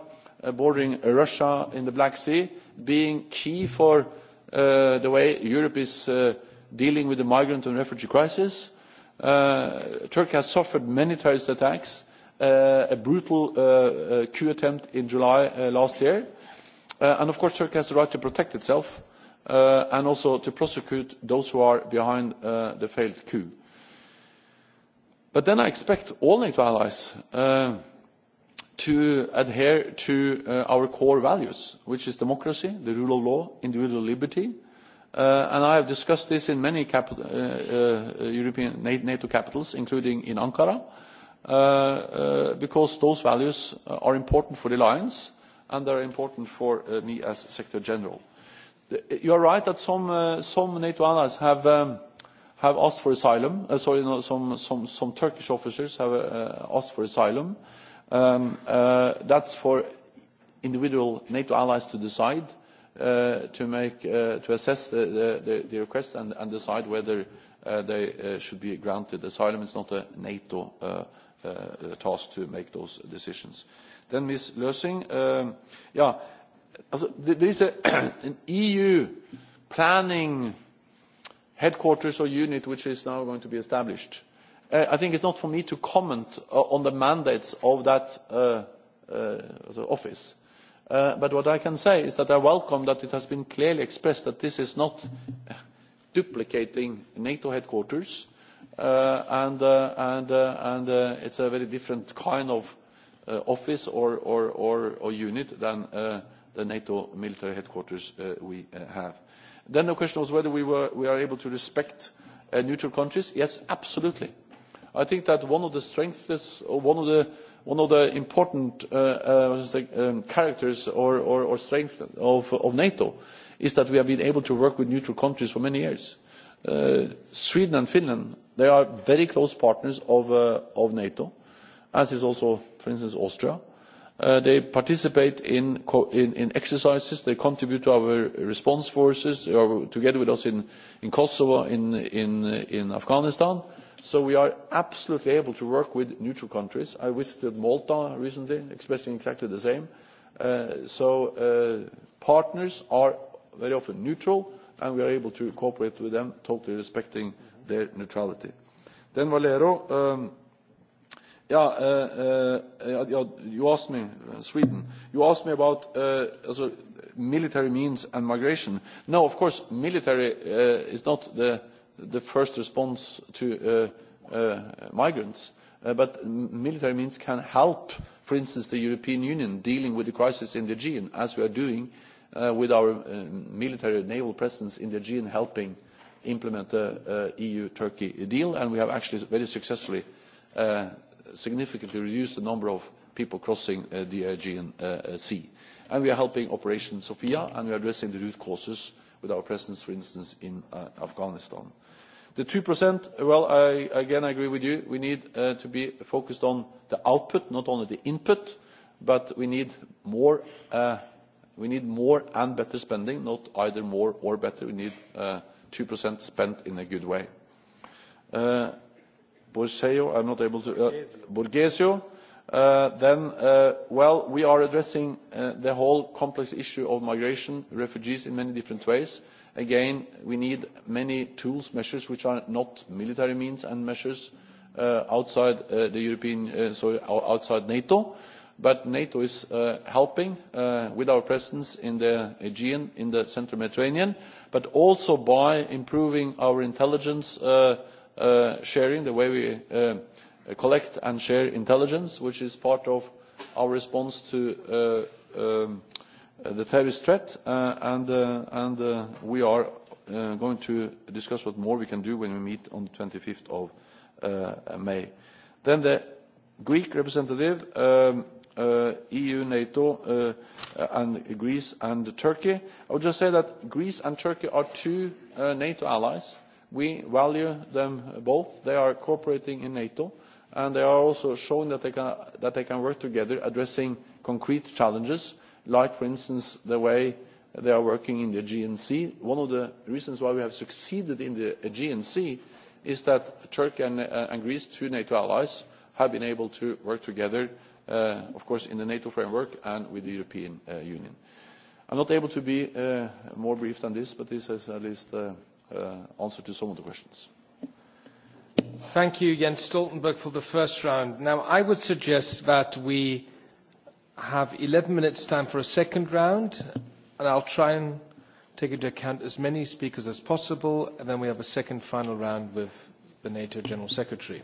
bordering Russia in the Black Sea, being key for uh, the way Europe is uh, dealing with the migrant and refugee crisis. Uh, Turkey has suffered many terrorist attacks, uh, a brutal uh, uh coup attempt in July uh, last year. Uh, and of course, Turkey has the right to protect itself and also to prosecute those who are behind the failed coup. But then I expect all NATO allies to adhere to uh, our core values, which is democracy, the rule of law, individual liberty. Uh, and I have discussed this in many capital, uh, uh, European NATO capitals, including in Ankara, uh, uh, because those values uh, are important for the alliance and they are important for uh, me as Secretary General. You are right that some, uh, some NATO allies have, um, have asked for asylum. Uh, sorry, no, some, some, some Turkish officers have uh, asked for asylum. Um, is uh, that's for individual NATO allies to decide uh, to make uh, to assess the, the, the request and, and decide whether uh, they should be granted asylum. It's not a NATO task to make those decisions. Then Ms. Lösing, um, there is a, an EU planning headquarters or unit which is now going to be established Uh, I think it is not for me to comment uh, on the mandates of that uh, office. but what I can say is that I welcome that it has been clearly expressed that this is not duplicating NATO headquarters, and, it is a very different kind of office or, or, or, or unit than the NATO military headquarters we have. Then the question was whether we, were, we are able to respect neutral countries. Yes, absolutely i think that one of the strengths or one of the one of the important uh, uh um, characters or, or, or strengths of, of nato is that we have been able to work with neutral countries for many years. Uh, sweden and finland they are very close partners of uh, nato as is also for instance austria Uh, they participate in, in, in exercises they contribute to our response forces they are together with us in, in kosovo in, in, in afghanistan so we are absolutely able to work with neutral countries i visited malta recently expressing exactly the same uh, so uh, partners are very often neutral and we are able to cooperate with them totally respecting their neutrality then valero um, Yeah, eh, you asked me, eh, Sweden, you asked me about uh, military means and migration. No, of course, military uh, is not the, the first response to uh, uh, migrants, uh, but military means can help, for instance, the European Union dealing with the crisis in the Aegean, as we are doing uh, with our uh, military naval presence in the Aegean, helping implement the uh, EU-Turkey deal, and we have actually very successfully uh, significantly reduce the number of people crossing uh, the aegean uh, uh, sea and we are helping operation sophia and we are addressing the root causes with our presence for instance in afghanistan. the two percent well I, again i agree with you we need to be focused on the output not only the input but we need more we need more and better spending not either more or better we need two percent spent in a good way. Borgese, I'm not able to... Uh, Borgesio. uh, then, uh, well, we are addressing uh, the whole complex issue of migration, refugees in many different ways. Again, we need many tools, measures, which are not military means and measures uh, outside uh, the European, uh, sorry, outside NATO. But NATO is uh, helping uh, with our presence in the Aegean, in the Central Mediterranean, but also by improving our intelligence uh, uh, sharing, the way we uh, collect and share intelligence, which is part of our response to uh, um, the terrorist threat, uh, and, uh, and we are going to discuss what more we can do when we meet on the 25th of May. Then the Greek representative, um, Uh, eu nato uh, and greece and turkey. i would just say that greece and turkey are two uh, nato allies We value them both. They are cooperating in NATO, and they are also showing that they can, that they can work together addressing concrete challenges, like, for instance, the way they are working in the Aegean Sea. One of the reasons why we have succeeded in the Aegean Sea is that Turkey and, uh, and Greece, two NATO allies, have been able to work together, uh, of course, in the NATO framework and with the European uh, Union. I'm not able to be uh, more brief than this, but this is at least uh, Uh, answer to some of the questions. Thank you, Jens Stoltenberg, for the first round. Now, I would suggest that we have 11 minutes time for a second round, and I'll try and take into account as many speakers as possible, and then we have a second final round with the NATO General Secretary.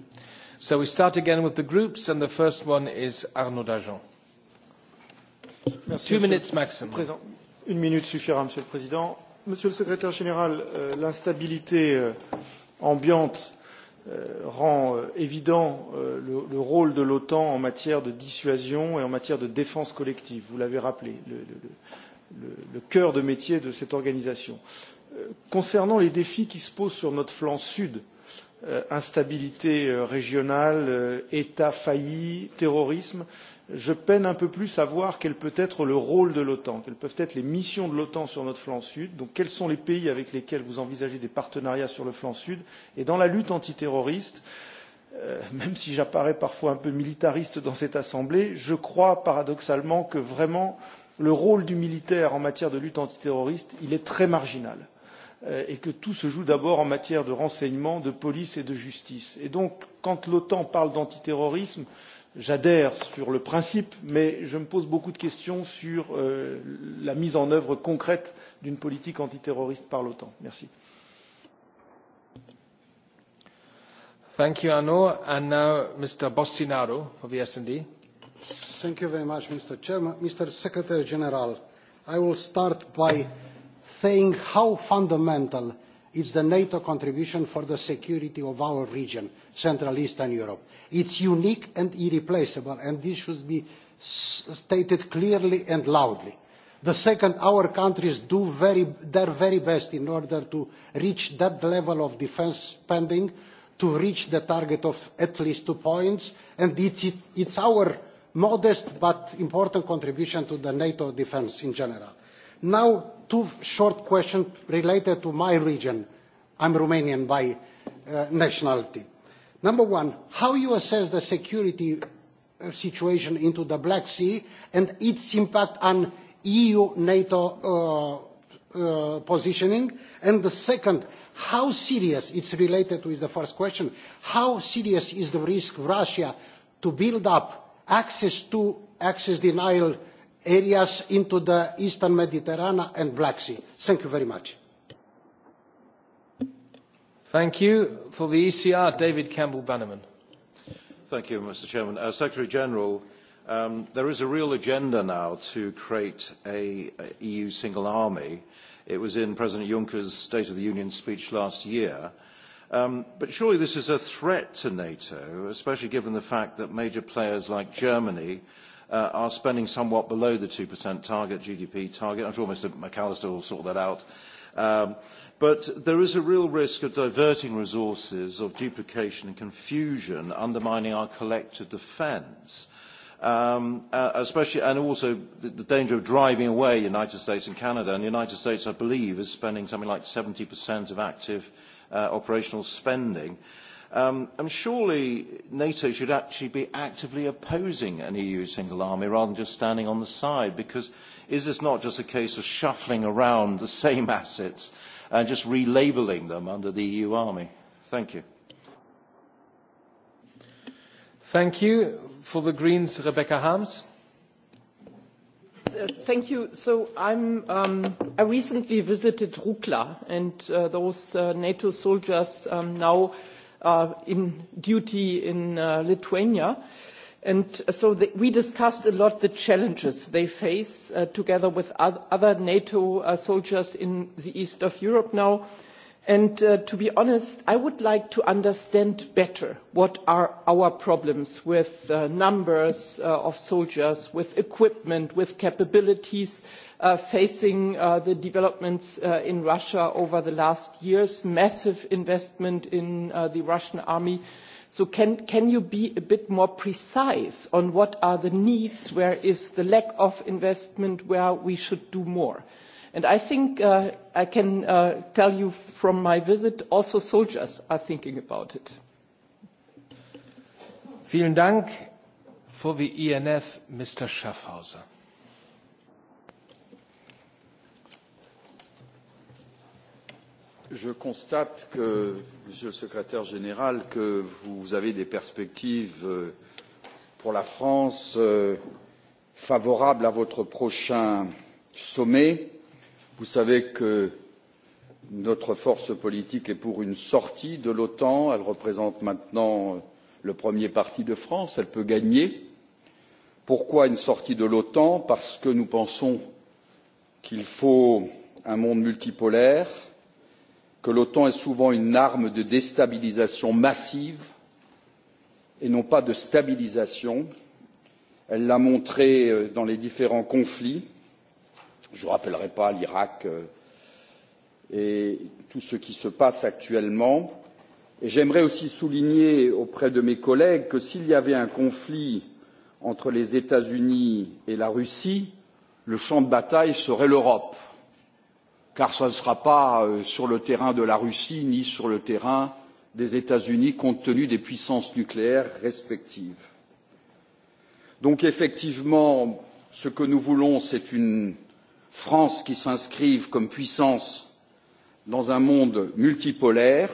So we start again with the groups, and the first one is Arnaud Dajon. Merci, Two minutes maximum. Une minute suffira, Monsieur le Président Monsieur le secrétaire général, euh, l'instabilité euh, ambiante euh, rend évident le rôle de l'OTAN en matière de dissuasion et en matière de défense collective. Vous l'avez rappelé, le, le, le cœur de métier de cette organisation. Concernant les défis qui se posent sur notre flanc sud, instabilité régionale, État failli, terrorisme, je peine un peu plus à voir quel peut être le rôle de l'OTAN, quelles peuvent être les missions de l'OTAN sur notre flanc sud, donc quels sont les pays avec lesquels vous envisagez des partenariats sur le flanc sud, et dans la lutte antiterroriste, euh, même si j'apparais parfois un peu militariste dans cette assemblée, je crois paradoxalement que vraiment le rôle du militaire en matière de lutte antiterroriste, il est très marginal euh, et que tout se joue d'abord en matière de renseignement, de police et de justice. Et donc, quand l'OTAN parle d'antiterrorisme, euh, j'adhère sur le principe mais je me pose beaucoup de questions sur euh, la mise en œuvre concrète d'une politique antiterroriste par l'otan. merci. Thank you, Arno. And now, Mr. Bostinaro for the S&D. Thank you very much, Mr. Chairman. Mr. Secretary General, I will start by saying how fundamental It's the NATO contribution for the security of our region, Central Eastern Europe. It's unique and irreplaceable, and this should be stated clearly and loudly. The second, our countries do very, their very best in order to reach that level of defence spending, to reach the target of at least two points, and it's, it's our modest but important contribution to the NATO defence in general Now, two short questions related to my region. I'm Romanian by uh, nationality. Number one, how you assess the security uh, situation into the Black Sea and its impact on EU-NATO uh, uh, positioning? And the second, how serious, it's related with the first question, how serious is the risk of Russia to build up access to access denial areas into the eastern Mediterranean and Black Sea. Thank you very much. Thank you. For the ECR, David Campbell Bannerman. Thank you, Mr. Chairman. Uh, Secretary General, um, there is a real agenda now to create a, a EU single army. It was in President Juncker's State of the Union speech last year. Um, but surely this is a threat to NATO, especially given the fact that major players like Germany uh, are spending somewhat below the 2% target, GDP target. I'm sure Mr. McAllister will sort that out. Um, but there is a real risk of diverting resources, of duplication and confusion, undermining our collective defence. Um, uh, especially, and also the, the danger of driving away United States and Canada. And the United States, I believe, is spending something like 70% of active uh, operational spending. Uh, Um, and surely NATO should actually be actively opposing an EU single army rather than just standing on the side, because is this not just a case of shuffling around the same assets and just relabeling them under the EU army? Thank you. Thank you. For the Greens, Rebecca Harms. Uh, thank you. So I'm, um, I recently visited Rukla, and uh, those uh, NATO soldiers um, now uh, in duty in uh, Lithuania. And so the, we discussed a lot the challenges they face uh, together with other NATO uh, soldiers in the east of Europe now And uh, to be honest, I would like to understand better what are our problems with uh, numbers uh, of soldiers, with equipment, with capabilities uh, facing uh, the developments uh, in Russia over the last years, massive investment in the Russian army. So can, can you be a bit more precise on what are the needs, where is the lack of investment, where we should do more? And I think uh, I can uh, tell you from my visit, also soldiers are thinking about it. E Je constate Monsieur le Secrétaire général, que vous avez des perspectives euh, pour la France euh, favorables à votre prochain sommet vous savez que notre force politique est pour une sortie de l'otan elle représente maintenant le premier parti de france elle peut gagner. pourquoi une sortie de l'otan? parce que nous pensons qu'il faut un monde multipolaire que l'otan est souvent une arme de déstabilisation massive et non pas de stabilisation elle l'a montré euh, dans les différents conflits je ne rappellerai pas l'iraq euh, et tout ce qui se passe actuellement et j'aimerais aussi souligner auprès de mes collègues que s'il y avait un conflit entre les états unis et la russie le champ de bataille serait l'europe car ce ne sera pas euh, sur le terrain de la russie ni sur le terrain des états unis compte tenu des puissances nucléaires respectives. donc effectivement ce que nous voulons c'est une france qui s'inscrive comme puissance dans un monde multipolaire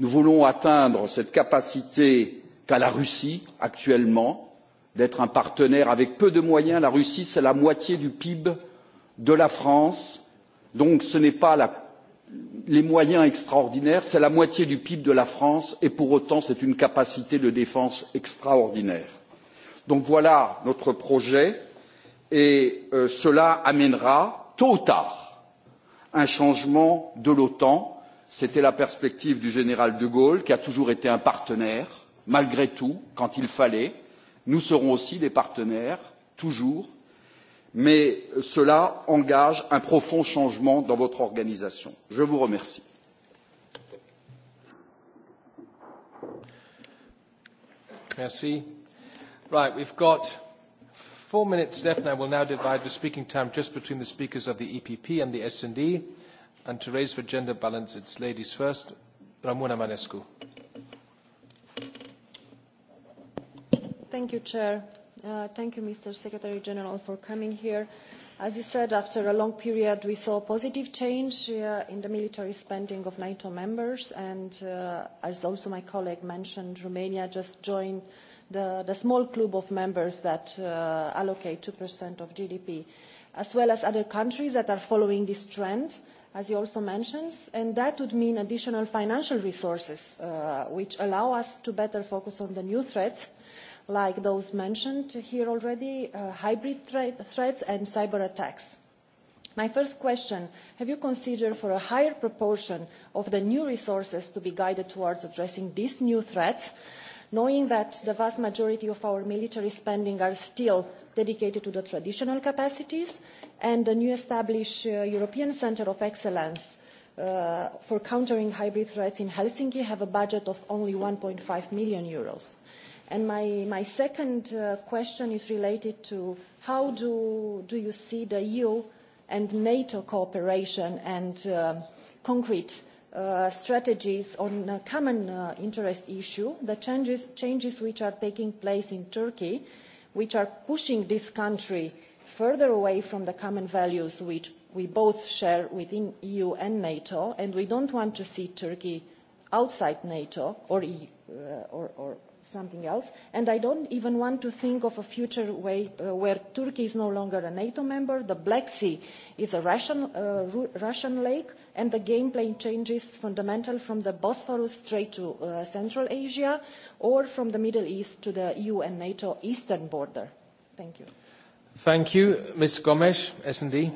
nous voulons atteindre cette capacité qu'a la russie actuellement d'être un partenaire avec peu de moyens la russie c'est la moitié du pib de la france donc ce ne sont pas la, les moyens extraordinaires c'est la moitié du pib de la france et pour autant c'est une capacité de défense extraordinaire. donc voilà notre projet et euh, cela amènera tôt ou tard un changement de l'otan c'était la perspective du général de gaulle qui a toujours été un partenaire malgré tout quand il fallait nous serons aussi des partenaires toujours mais cela engage un profond changement dans votre organisation. je vous remercie. Merci. Right, we've got four minutes left, and I will now divide the speaking time just between the speakers of the EPP and the S&D. And to raise for gender balance, it's ladies first. Ramona Manescu. Thank you, Chair. Uh, thank you, Mr. Secretary General, for coming here. As you said, after a long period, we saw positive change uh, in the military spending of NATO members, and uh, as also my colleague mentioned, Romania just joined the, the small club of members that uh, allocate 2% of GDP, as well as other countries that are following this trend, as you also mentioned, and that would mean additional financial resources, uh, which allow us to better focus on the new threats, like those mentioned here already, uh, hybrid threats and cyber attacks. My first question, have you considered for a higher proportion of the new resources to be guided towards addressing these new threats knowing that the vast majority of our military spending is still dedicated to the traditional capacities and the newly established uh, european centre of excellence uh, for countering hybrid threats in helsinki have a budget of only eur. one five million my, second uh, question is related to how do you see the eu and nato cooperation and um, concrete uh, strategies on a common uh, interest issue, the changes, changes which are taking place in Turkey, which are pushing this country further away from the common values which we both share within the EU and NATO, and we don't want to see Turkey outside NATO or, EU, uh, or, or something else and i don't even want to think of a future way, uh, where turkey is no longer a nato member the black sea is a russian, uh, russian lake and the game plan changes fundamentally from the bosphorus Strait to uh, central asia or from the middle east to the eu and nato eastern border. thank you. thank you. ms gomes sd.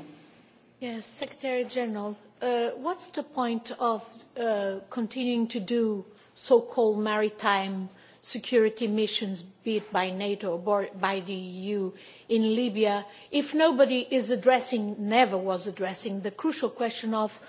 yes, secretary general, uh, what's the point of uh, continuing to do so-called maritime security missions, be it by NATO or by the EU in Libya, if nobody is addressing, never was addressing, the crucial question of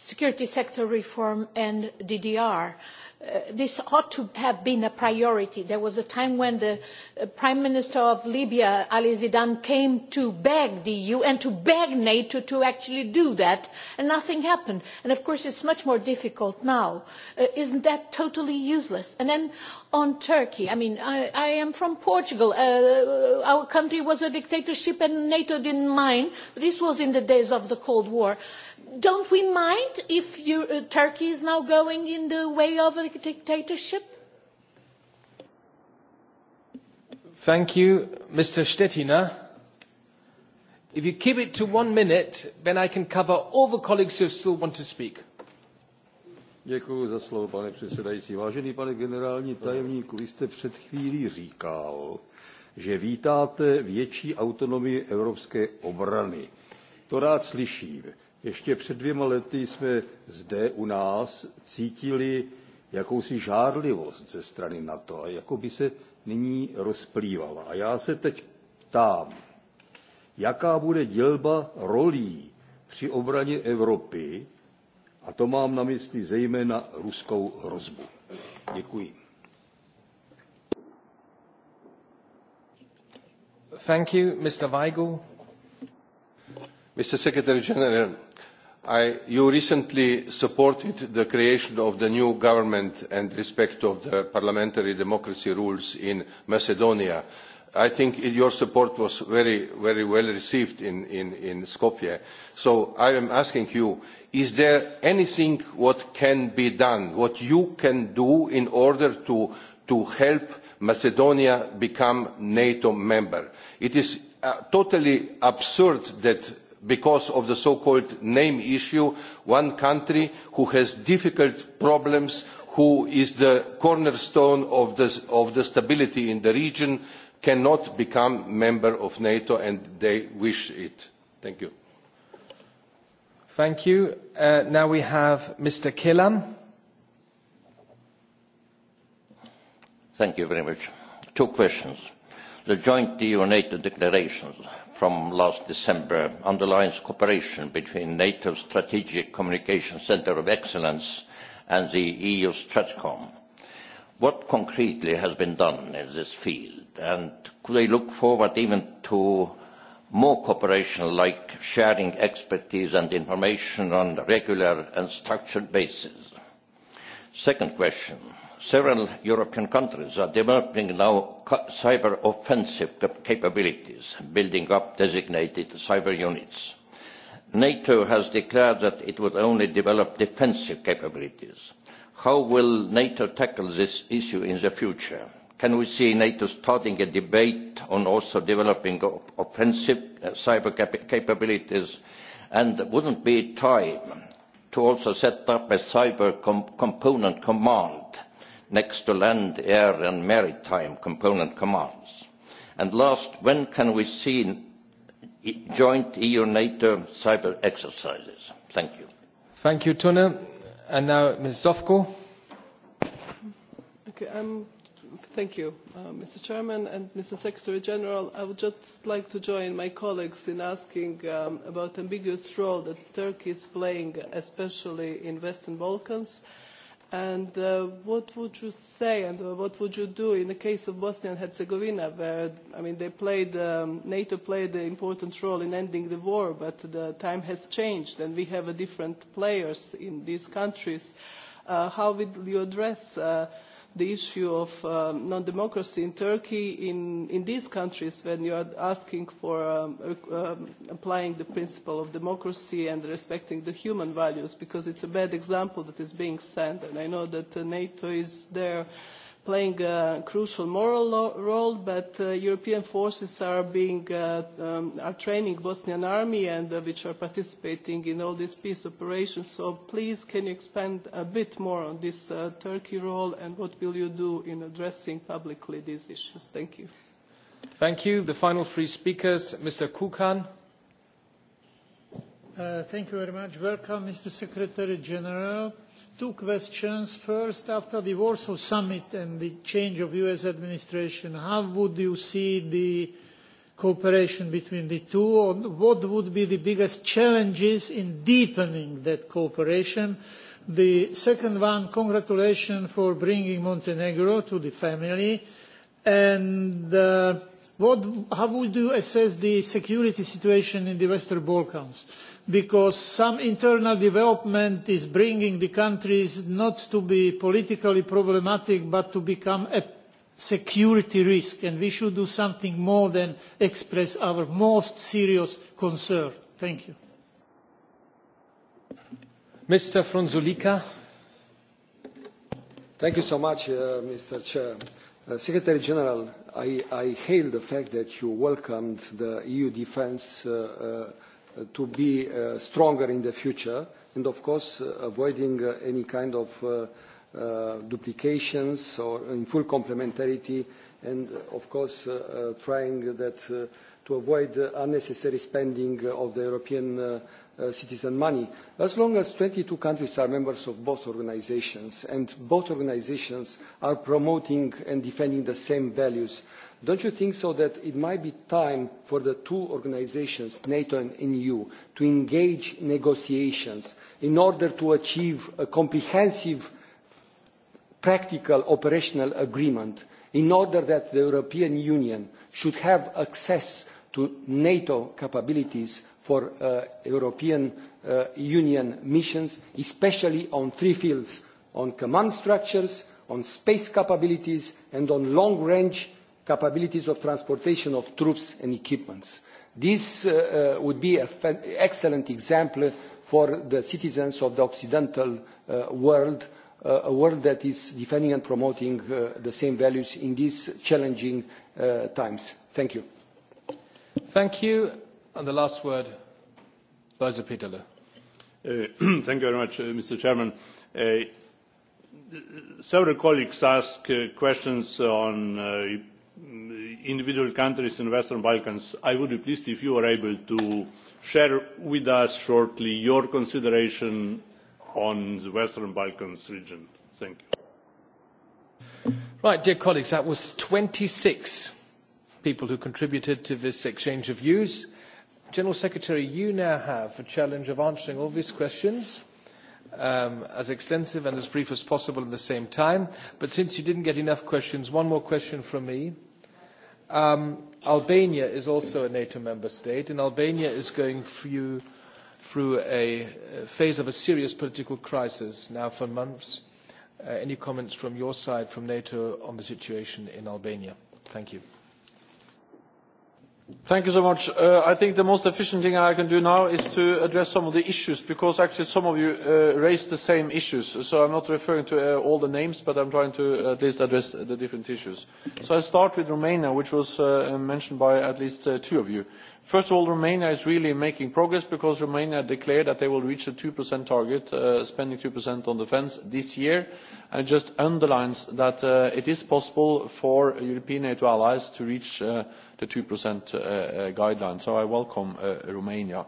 security sector reform and ddr. Uh, this ought to have been a priority. there was a time when the uh, prime minister of libya ali zidane came to beg the eu and to beg nato to actually do that and nothing happened. and of course it is much more difficult now. Uh, isn't is that not totally useless? and then on turkey i mean i, I am from portugal. our country was a dictatorship and nato did not mind. this was in the days of the cold war don't we mind if you, uh, Turkey is now going in the way of a dictatorship? Thank you, Mr. Stettiner. If you keep it to one minute, then I can cover all the colleagues who still want to speak. Děkuji za slovo, pane předsedající. Vážený pane generální tajemníku, vy jste před chvílí říkal, že vítáte větší autonomii evropské obrany. To rád slyším. Ještě před dvěma lety jsme zde u nás cítili jakousi žárlivost ze strany NATO a jako by se nyní rozplývala. A já se teď ptám, jaká bude dělba rolí při obraně Evropy, a to mám na mysli zejména ruskou hrozbu. Děkuji. Thank you, Mr. Weigel. Mr. Secretary General, i, you recently supported the creation of the new government and respect of the parliamentary democracy rules in Macedonia. I think your support was very, very well received in, in, in Skopje. So I am asking you, is there anything what can be done, what you can do in order to, to help Macedonia become NATO member? It is uh, totally absurd that because of the so-called name issue, one country who has difficult problems, who is the cornerstone of, of the stability in the region, cannot become a member of NATO, and they wish it. Thank you. Thank you. Uh, now we have Mr. Killam. Thank you very much. Two questions. The joint EU-NATO declarations from last December underlines cooperation between NATO's Strategic Communication Centre of Excellence and the EU Stratcom. What concretely has been done in this field, and could they look forward even to more cooperation like sharing expertise and information on a regular and structured basis? Second question, several European countries are developing now cyber offensive capabilities, building up designated cyber units. NATO has declared that it would only develop defensive capabilities. How will NATO tackle this issue in the future? Can we see NATO starting a debate on also developing offensive uh, cyber cap capabilities? And wouldn't be time to also set up a cyber com component command next to land, air, and maritime component commands? And last, when can we see e-, joint EU-NATO cyber exercises? Thank you. Thank you, Tuna. And now, Ms. Zofko. Okay, um, thank you, uh, Mr. Chairman and Mr. Secretary General. I would just like to join my colleagues in asking um, about ambiguous role that Turkey is playing, especially in Western Balkans. Uh, And uh, what would you say and uh, what would you do in the case of Bosnia and Herzegovina, where, I mean, they played, um, NATO played an important role in ending the war, but the time has changed and we have a different players in these countries. Uh, how will you address uh, the issue of um, non-democracy in Turkey in, in these countries when you are asking for um, uh, um, applying the principle of democracy and respecting the human values because it's a bad example that is being sent and I know that uh, NATO is there uh, playing a crucial moral role, but uh, European forces are, being, uh, um, are training Bosnian army and uh, which are participating in all these peace operations. So please, can you expand a bit more on this uh, Turkey role and what will you do in addressing publicly these issues? Thank you. Thank you. The final three speakers, Mr. Kukan. Uh, thank you very much. Welcome, Mr. Secretary General two questions. First, after the Warsaw Summit and the change of U.S. administration, how would you see the cooperation between the two? Or what would be the biggest challenges in deepening that cooperation? The second one, congratulations for bringing Montenegro to the family. And uh, what, how would you assess the security situation in the Western Balkans? because some internal development is bringing the countries not to be politically problematic but to become a security risk and we should do something more than express our most serious concern. Thank you. Mr. Fronzulika. Thank you so much, uh, Mr. Chair. Uh, Secretary General, I, I hail the fact that you welcomed the EU defence uh, uh, to be uh, stronger in the future and of course uh, avoiding uh, any kind of uh, uh, duplications or in full complementarity and uh, of course uh, uh, trying that uh, to avoid unnecessary spending of the European uh, Uh, citizen money, as long as twenty two countries are members of both organisations and both organisations are promoting and defending the same values, don't you think so that it might be time for the two organisations, NATO and EU, to engage in negotiations in order to achieve a comprehensive, practical, operational agreement in order that the European Union should have access to NATO capabilities for uh, European uh, Union missions, especially on three fields, on command structures, on space capabilities, and on long-range capabilities of transportation of troops and equipment. This uh, uh, would be an excellent example for the citizens of the Occidental uh, world, uh, a world that is defending and promoting the same values in these challenging times. Thank you. Thank you. And the last word, Liza Peterle. Uh, thank you very much, uh, Mr. Chairman. Uh, several colleagues asked uh, questions on uh, individual countries in the Western Balkans. I would be pleased if you were able to share with us shortly your consideration on the Western Balkans region. Thank you. Right, dear colleagues, that was 26 people who contributed to this exchange of views. General Secretary, you now have the challenge of answering all these questions um, as extensive and as brief as possible at the same time. But since you didn't get enough questions, one more question from me. Um, Albania is also a NATO member state, and Albania is going through, through a phase of a serious political crisis now for months. Uh, any comments from your side, from NATO, on the situation in Albania? Thank you. Thank you so much. Uh, I think the most efficient thing I can do now is to address some of the issues, because actually some of you uh, raised the same issues. So I'm not referring to uh, all the names, but I'm trying to uh, at least address the different issues. So I start with Romania, which was uh, mentioned by at least uh, two of you. First of all, Romania is really making progress because Romania declared that they will reach the 2% target, uh, spending 2% on defense this year, and just underlines that uh, it is possible for European NATO allies to reach uh, the 2% uh, uh, guideline. So I welcome Romania.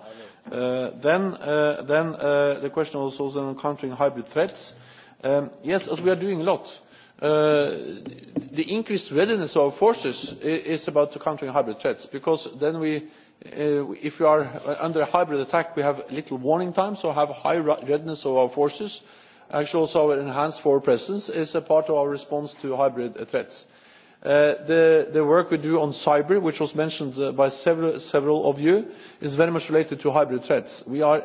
Then, then the question was also on countering hybrid threats. Um, yes, as we are doing a lot. The increased readiness of our forces is about countering hybrid threats, because then we Uh, if you are uh, under a hybrid attack, we have little warning time, so have high readiness of our forces. Actually, also our enhanced forward presence is a part of our response to hybrid uh, threats. Uh, the, the work we do on cyber, which was mentioned uh, by several, several of you, is very much related to hybrid threats. We are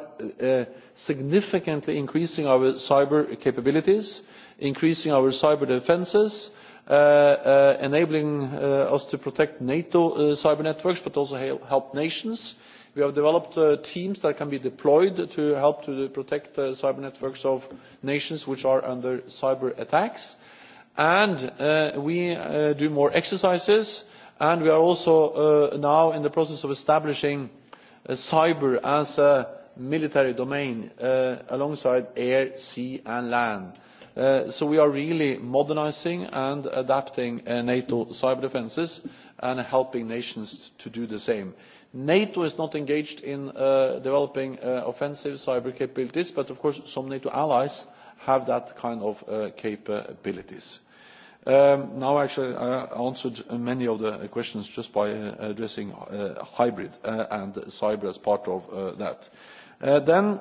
significantly increasing our cyber capabilities, increasing our cyber defenses, Uh, enabling eh, us to protect nato cyber networks but also help nations. we have developed teams that can be deployed to help to protect cyber networks of nations which are under cyber attacks and we do more exercises and we are also now in the process of establishing cyber as a military domain alongside air sea and land. Uh, so we are really modernising and adapting uh, NATO cyber defences and helping nations to do the same. NATO is not engaged in uh, developing offensive cyber capabilities, but of course some NATO allies have that kind of capabilities. Um, now actually I answered many of the questions just by addressing hybrid and cyber as part of that. Then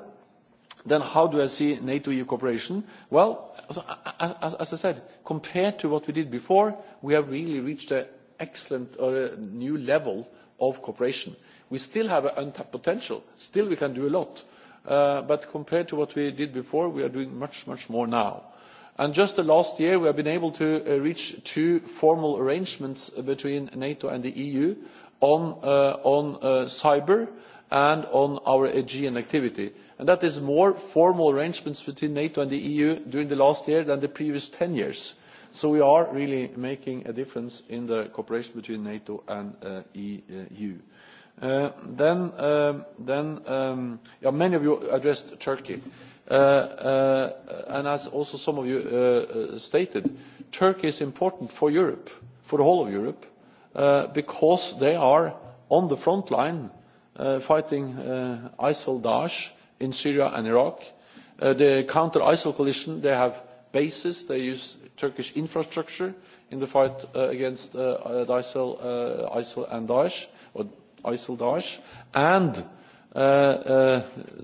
Then how do I see NATO-EU cooperation? Well, as, I said, compared to what we did before, we have really reached an excellent or a new level of cooperation. We still have an untapped potential. Still, we can do a lot. Uh, but compared to what we did before, we are doing much, much more now. And just the last year, we have been able to uh, reach two formal arrangements between NATO and the EU on, uh, on cyber and on our Aegean activity and that is more formal arrangements between nato and the eu during the last year than the previous ten years so we are really making a difference in the cooperation between nato and the uh, eu. Uh, then, um, um, many of you addressed turkey uh, and as also some of you stated turkey is important for europe for the whole of europe because they are on the front line fighting isil daesh in syria and iraq. Uh, the counter isil coalition they have bases they use turkish infrastructure in the fight uh, against uh, uh, ISIL, and daesh or isil daesh and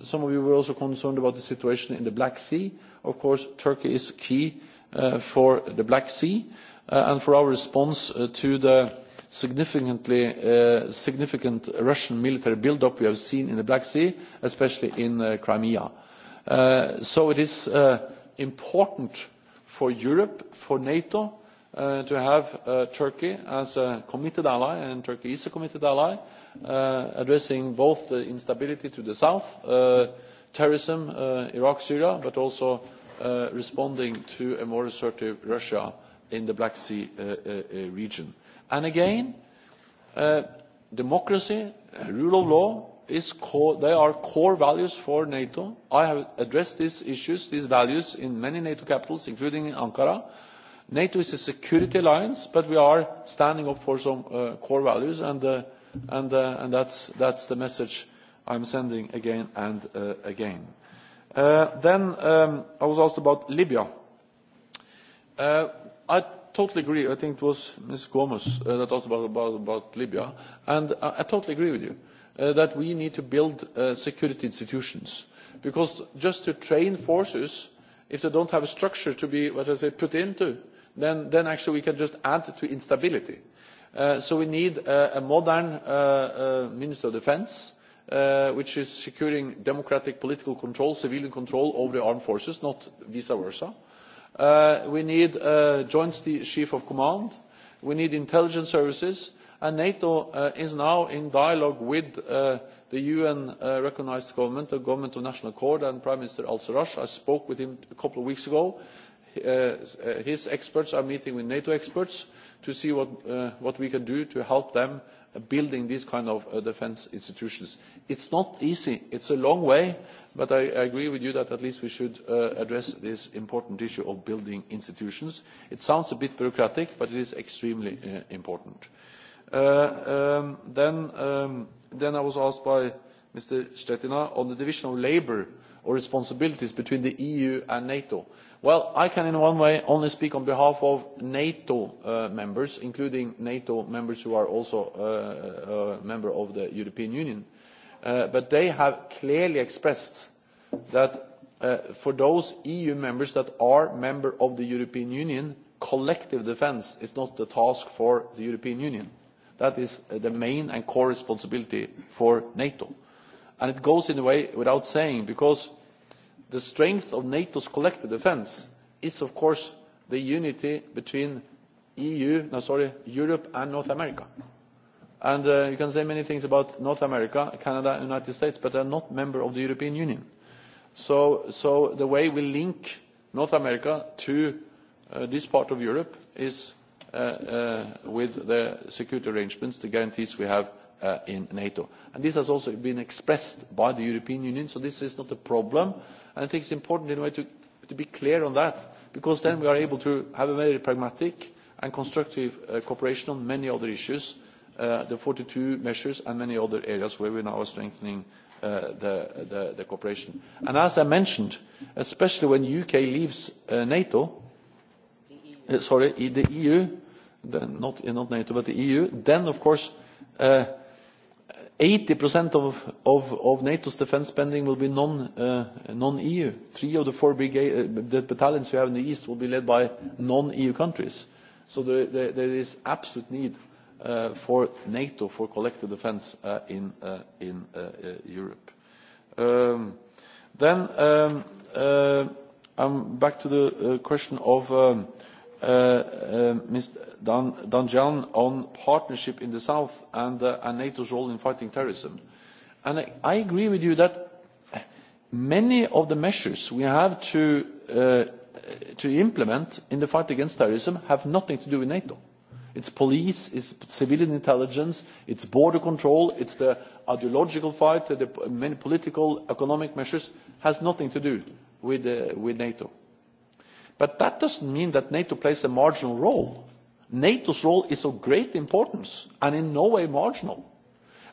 some of you were also concerned about the situation in the black sea of course turkey is key for the black sea and for our response to the significantly, uh, significant Russian military build-up we have seen in the Black Sea, especially in uh, Crimea. Uh, so it is uh, important for Europe, for NATO, uh, to have uh, Turkey as a committed ally, and Turkey is a committed ally, uh, addressing both the instability to the south, uh, terrorism, uh, Iraq, Syria, but also uh, responding to a more assertive Russia in the Black Sea uh, uh, region and again uh, democracy democracy uh, rule of law core, they are core values for nato. i have addressed these issues these values in many nato capitals including in ankara. nato is a security alliance but we are standing up for some uh, core values and, uh, and, uh, and that's, that's the message i am sending again and again. then um, i was asked about libya. I totally agree. I think it was Ms. Gomez uh, that asked about, about, about Libya. And I, I totally agree with you uh, that we need to build uh, security institutions. Because just to train forces, if they don't have a structure to be, what I say, put into, then, then actually we can just add to instability. Uh, so we need uh, a modern uh, uh, Minister of Defense, Uh, which is securing democratic political control civilian control over the armed forces not vice versa Uh, we need a uh, joint chief of command we need intelligence services and nato uh, is now in dialogue with uh, the un uh, recognised government the government of national accord and prime minister al sarraj. i spoke with him a couple of weeks ago. his experts are meeting with nato experts to see what, what we can do to help them building these kind of uh, defence institutions. It's not easy it's a long way but I, i agree with you that at least we should uh, address this important issue of building institutions. it sounds a bit bureaucratic but it is extremely uh, important. Um, then, um, then i was asked by mr stetina on the division of labour or responsibilities between the eu and nato. Well, I can in one way only speak on behalf of NATO uh, members, including NATO members who are also uh, uh, a uh, member of the European Union. Uh, but they have clearly expressed that for those EU members that are members of the European Union, collective defence is not the task for the European Union. That is the main and core responsibility for NATO. And it goes in a way without saying because the strength of nato's collective defence is of course the unity between EU, no, sorry, europe and north america. And, uh, you can say many things about north america canada and the united states but they are not members of the european union. So, so the way we link north america to uh, this part of europe is uh, uh, with the security arrangements the guarantees we have in nato. And this has also been expressed by the european union so this is not a problem. I think it's important in a way to, to be clear on that, because then we are able to have a very pragmatic and constructive uh, cooperation on many other issues, uh, the 42 measures and many other areas where we now are strengthening uh, the, the, the cooperation. And as I mentioned, especially when UK leaves uh, NATO, e uh, sorry, the EU, the, not, not NATO, but the EU, then of course uh, 80% of, of, of NATO's defense spending will be non-EU. Uh, non Three of the four brigade, uh, the battalions we have in the east will be led by non-EU countries. So there, there, there is absolute need uh, for NATO for collective defense uh, in, uh, in uh, uh, Europe. Um, then um, uh, I'm back to the uh, question of um, Uh, uh, Ms. Danjan on partnership in the South uh, and, NATO's role in fighting terrorism. And I, I agree with you that many of the measures we have to, implement in the fight against terrorism have nothing to do with NATO it's police it's civilian intelligence it's border control it's the ideological fight the many political economic measures has nothing to do with, with nato but that does not mean that nato plays a marginal role. nato's role is of great importance and in no way marginal.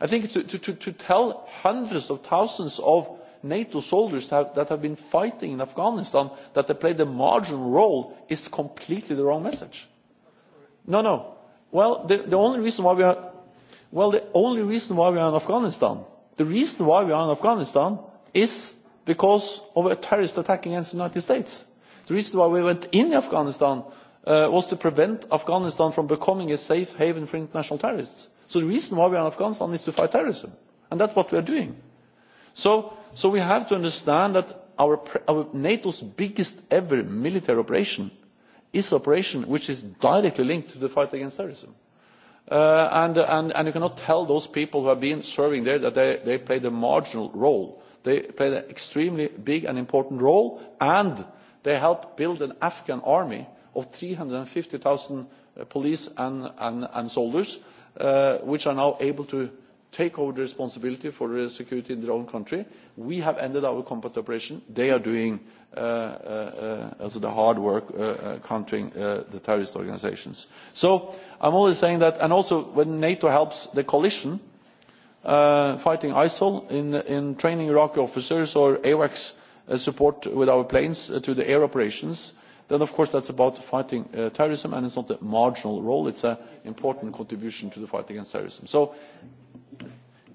i think to, to, to tell hundreds of thousands of nato soldiers have, that have been fighting in afghanistan that they played a marginal role is completely the wrong message. no, no. well, the, the only reason why we are well, the only reason why we are in afghanistan, the reason why we are in afghanistan is because of a terrorist attack against the united states The reason why we went in Afghanistan uh, was to prevent Afghanistan from becoming a safe haven for international terrorists. So the reason why we are in Afghanistan is to fight terrorism. And that's what we are doing. So, so we have to understand that our, our NATO's biggest ever military operation is an operation which is directly linked to the fight against terrorism. Uh, and, and, and you cannot tell those people who have been serving there that they, they played a marginal role. They played an extremely big and important role, and They helped build an Afghan army of three hundred and fifty zero uh, police and, soldiers, uh, which are now able to take over the responsibility for security in their own country. We have ended our combat operation. They are doing uh, the hard work countering the terrorist organisations. So I am only saying that, and also when NATO helps the coalition fighting ISIL in training Iraqi officers or AWACS Uh, support with our planes uh, to the air operations, then of course that's about fighting uh, terrorism and it's not a marginal role, it's an important contribution to the fight against terrorism. So,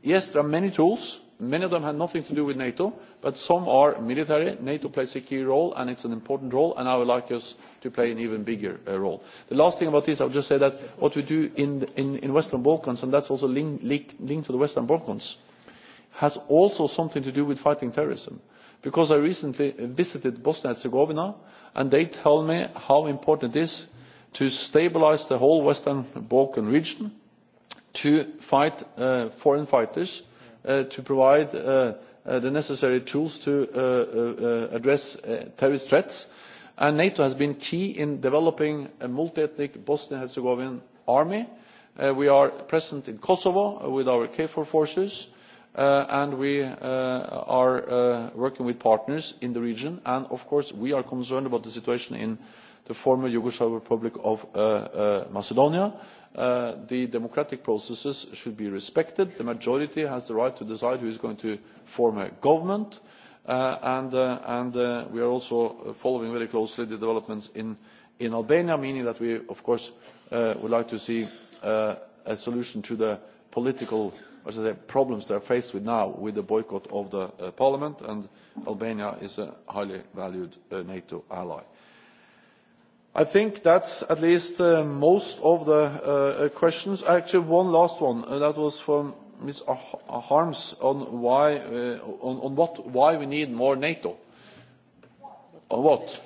yes, there are many tools. Many of them have nothing to do with NATO, but some are military. NATO plays a key role, and it's an important role, and I would like us to play an even bigger role. The last thing about this, I would just say that what we do in, in, in Western Balkans, and that is also linked to the Western Balkans, has also something to do with fighting terrorism because i recently visited bosnia and herzegovina and they tell me how important it is to stabilise the whole western balkan region to fight uh, foreign fighters uh, to provide uh, the necessary tools to address terrorist threats and nato has been key in developing a multi ethnic bosnia and army. we are present in kosovo with our kfor forces Uh, and we uh, are uh, working with partners in the region and of course we are concerned about the situation in the former yugoslav republic of macedonia. the democratic processes should be respected the majority has the right to decide who is going to form a government and, and we are also following very closely the developments in, in albania meaning that we of course would like to see a solution to the political what are the problems they are faced with now with the boycott of the uh, parliament and albania is a highly valued uh, nato ally. i think that is at least uh, most of the uh, uh, questions. actually one last one uh, that was from ms harms on why, on, on what, why we need more nato. what?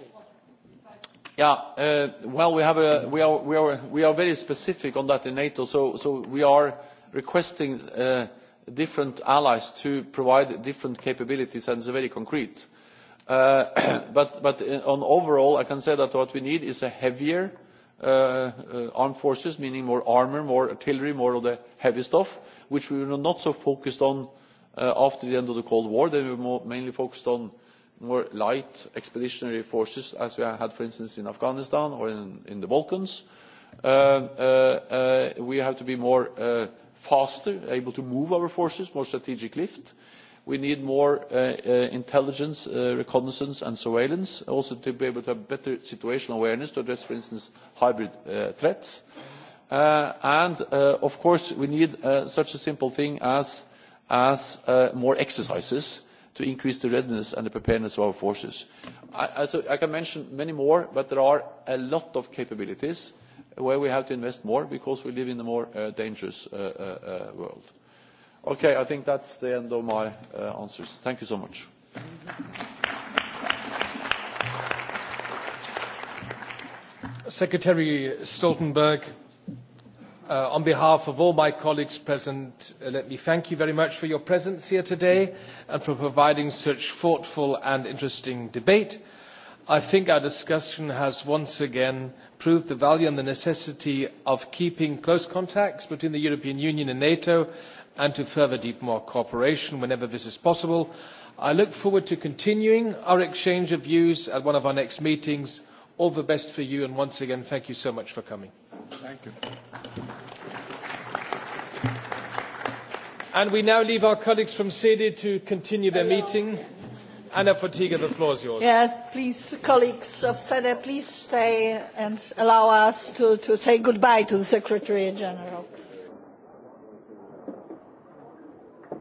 Yeah, uh, well, we, have a, we, are, we, are, we are very specific on that in nato so, so we are requesting uh, different allies to provide different capabilities and it's very concrete. Uh, but, but uh, on overall, I can say that what we need is a heavier uh, uh armed forces, meaning more armour, more artillery, more of the heavy stuff, which we were not so focused on after the end of the Cold War. we were more mainly focused on more light expeditionary forces, as we had, for instance, in Afghanistan or in, in the Balkans. we have to be more faster, able to move our forces more strategically. We need more uh, uh, intelligence, uh, reconnaissance and surveillance, also to be able to have better situational awareness to address, for instance, hybrid threats. and, of course, we need such a simple thing as, more exercises to increase the readiness and the preparedness of our forces. I, can mention many more, but there are a lot of capabilities where we have to invest more because we live in a more uh, dangerous uh, uh, world. Okay, I think that's the end of my answers. Thank you so much. Secretary Stoltenberg, on behalf of all my colleagues present, let me thank you very much for your presence here today and for providing such thoughtful and interesting debate. I think our discussion has once again proved the value and the necessity of keeping close contacts between the European Union and NATO and to further deep more cooperation whenever this is possible. I look forward to continuing our exchange of views at one of our next meetings. All the best for you, and once again, thank you so much for coming. Thank you. And we now leave our colleagues from SEDE to continue their meeting. Anna Fortiga, the floor is yours. Yes, please, colleagues of SEDE, please stay and allow us to, to say goodbye to the Secretary General.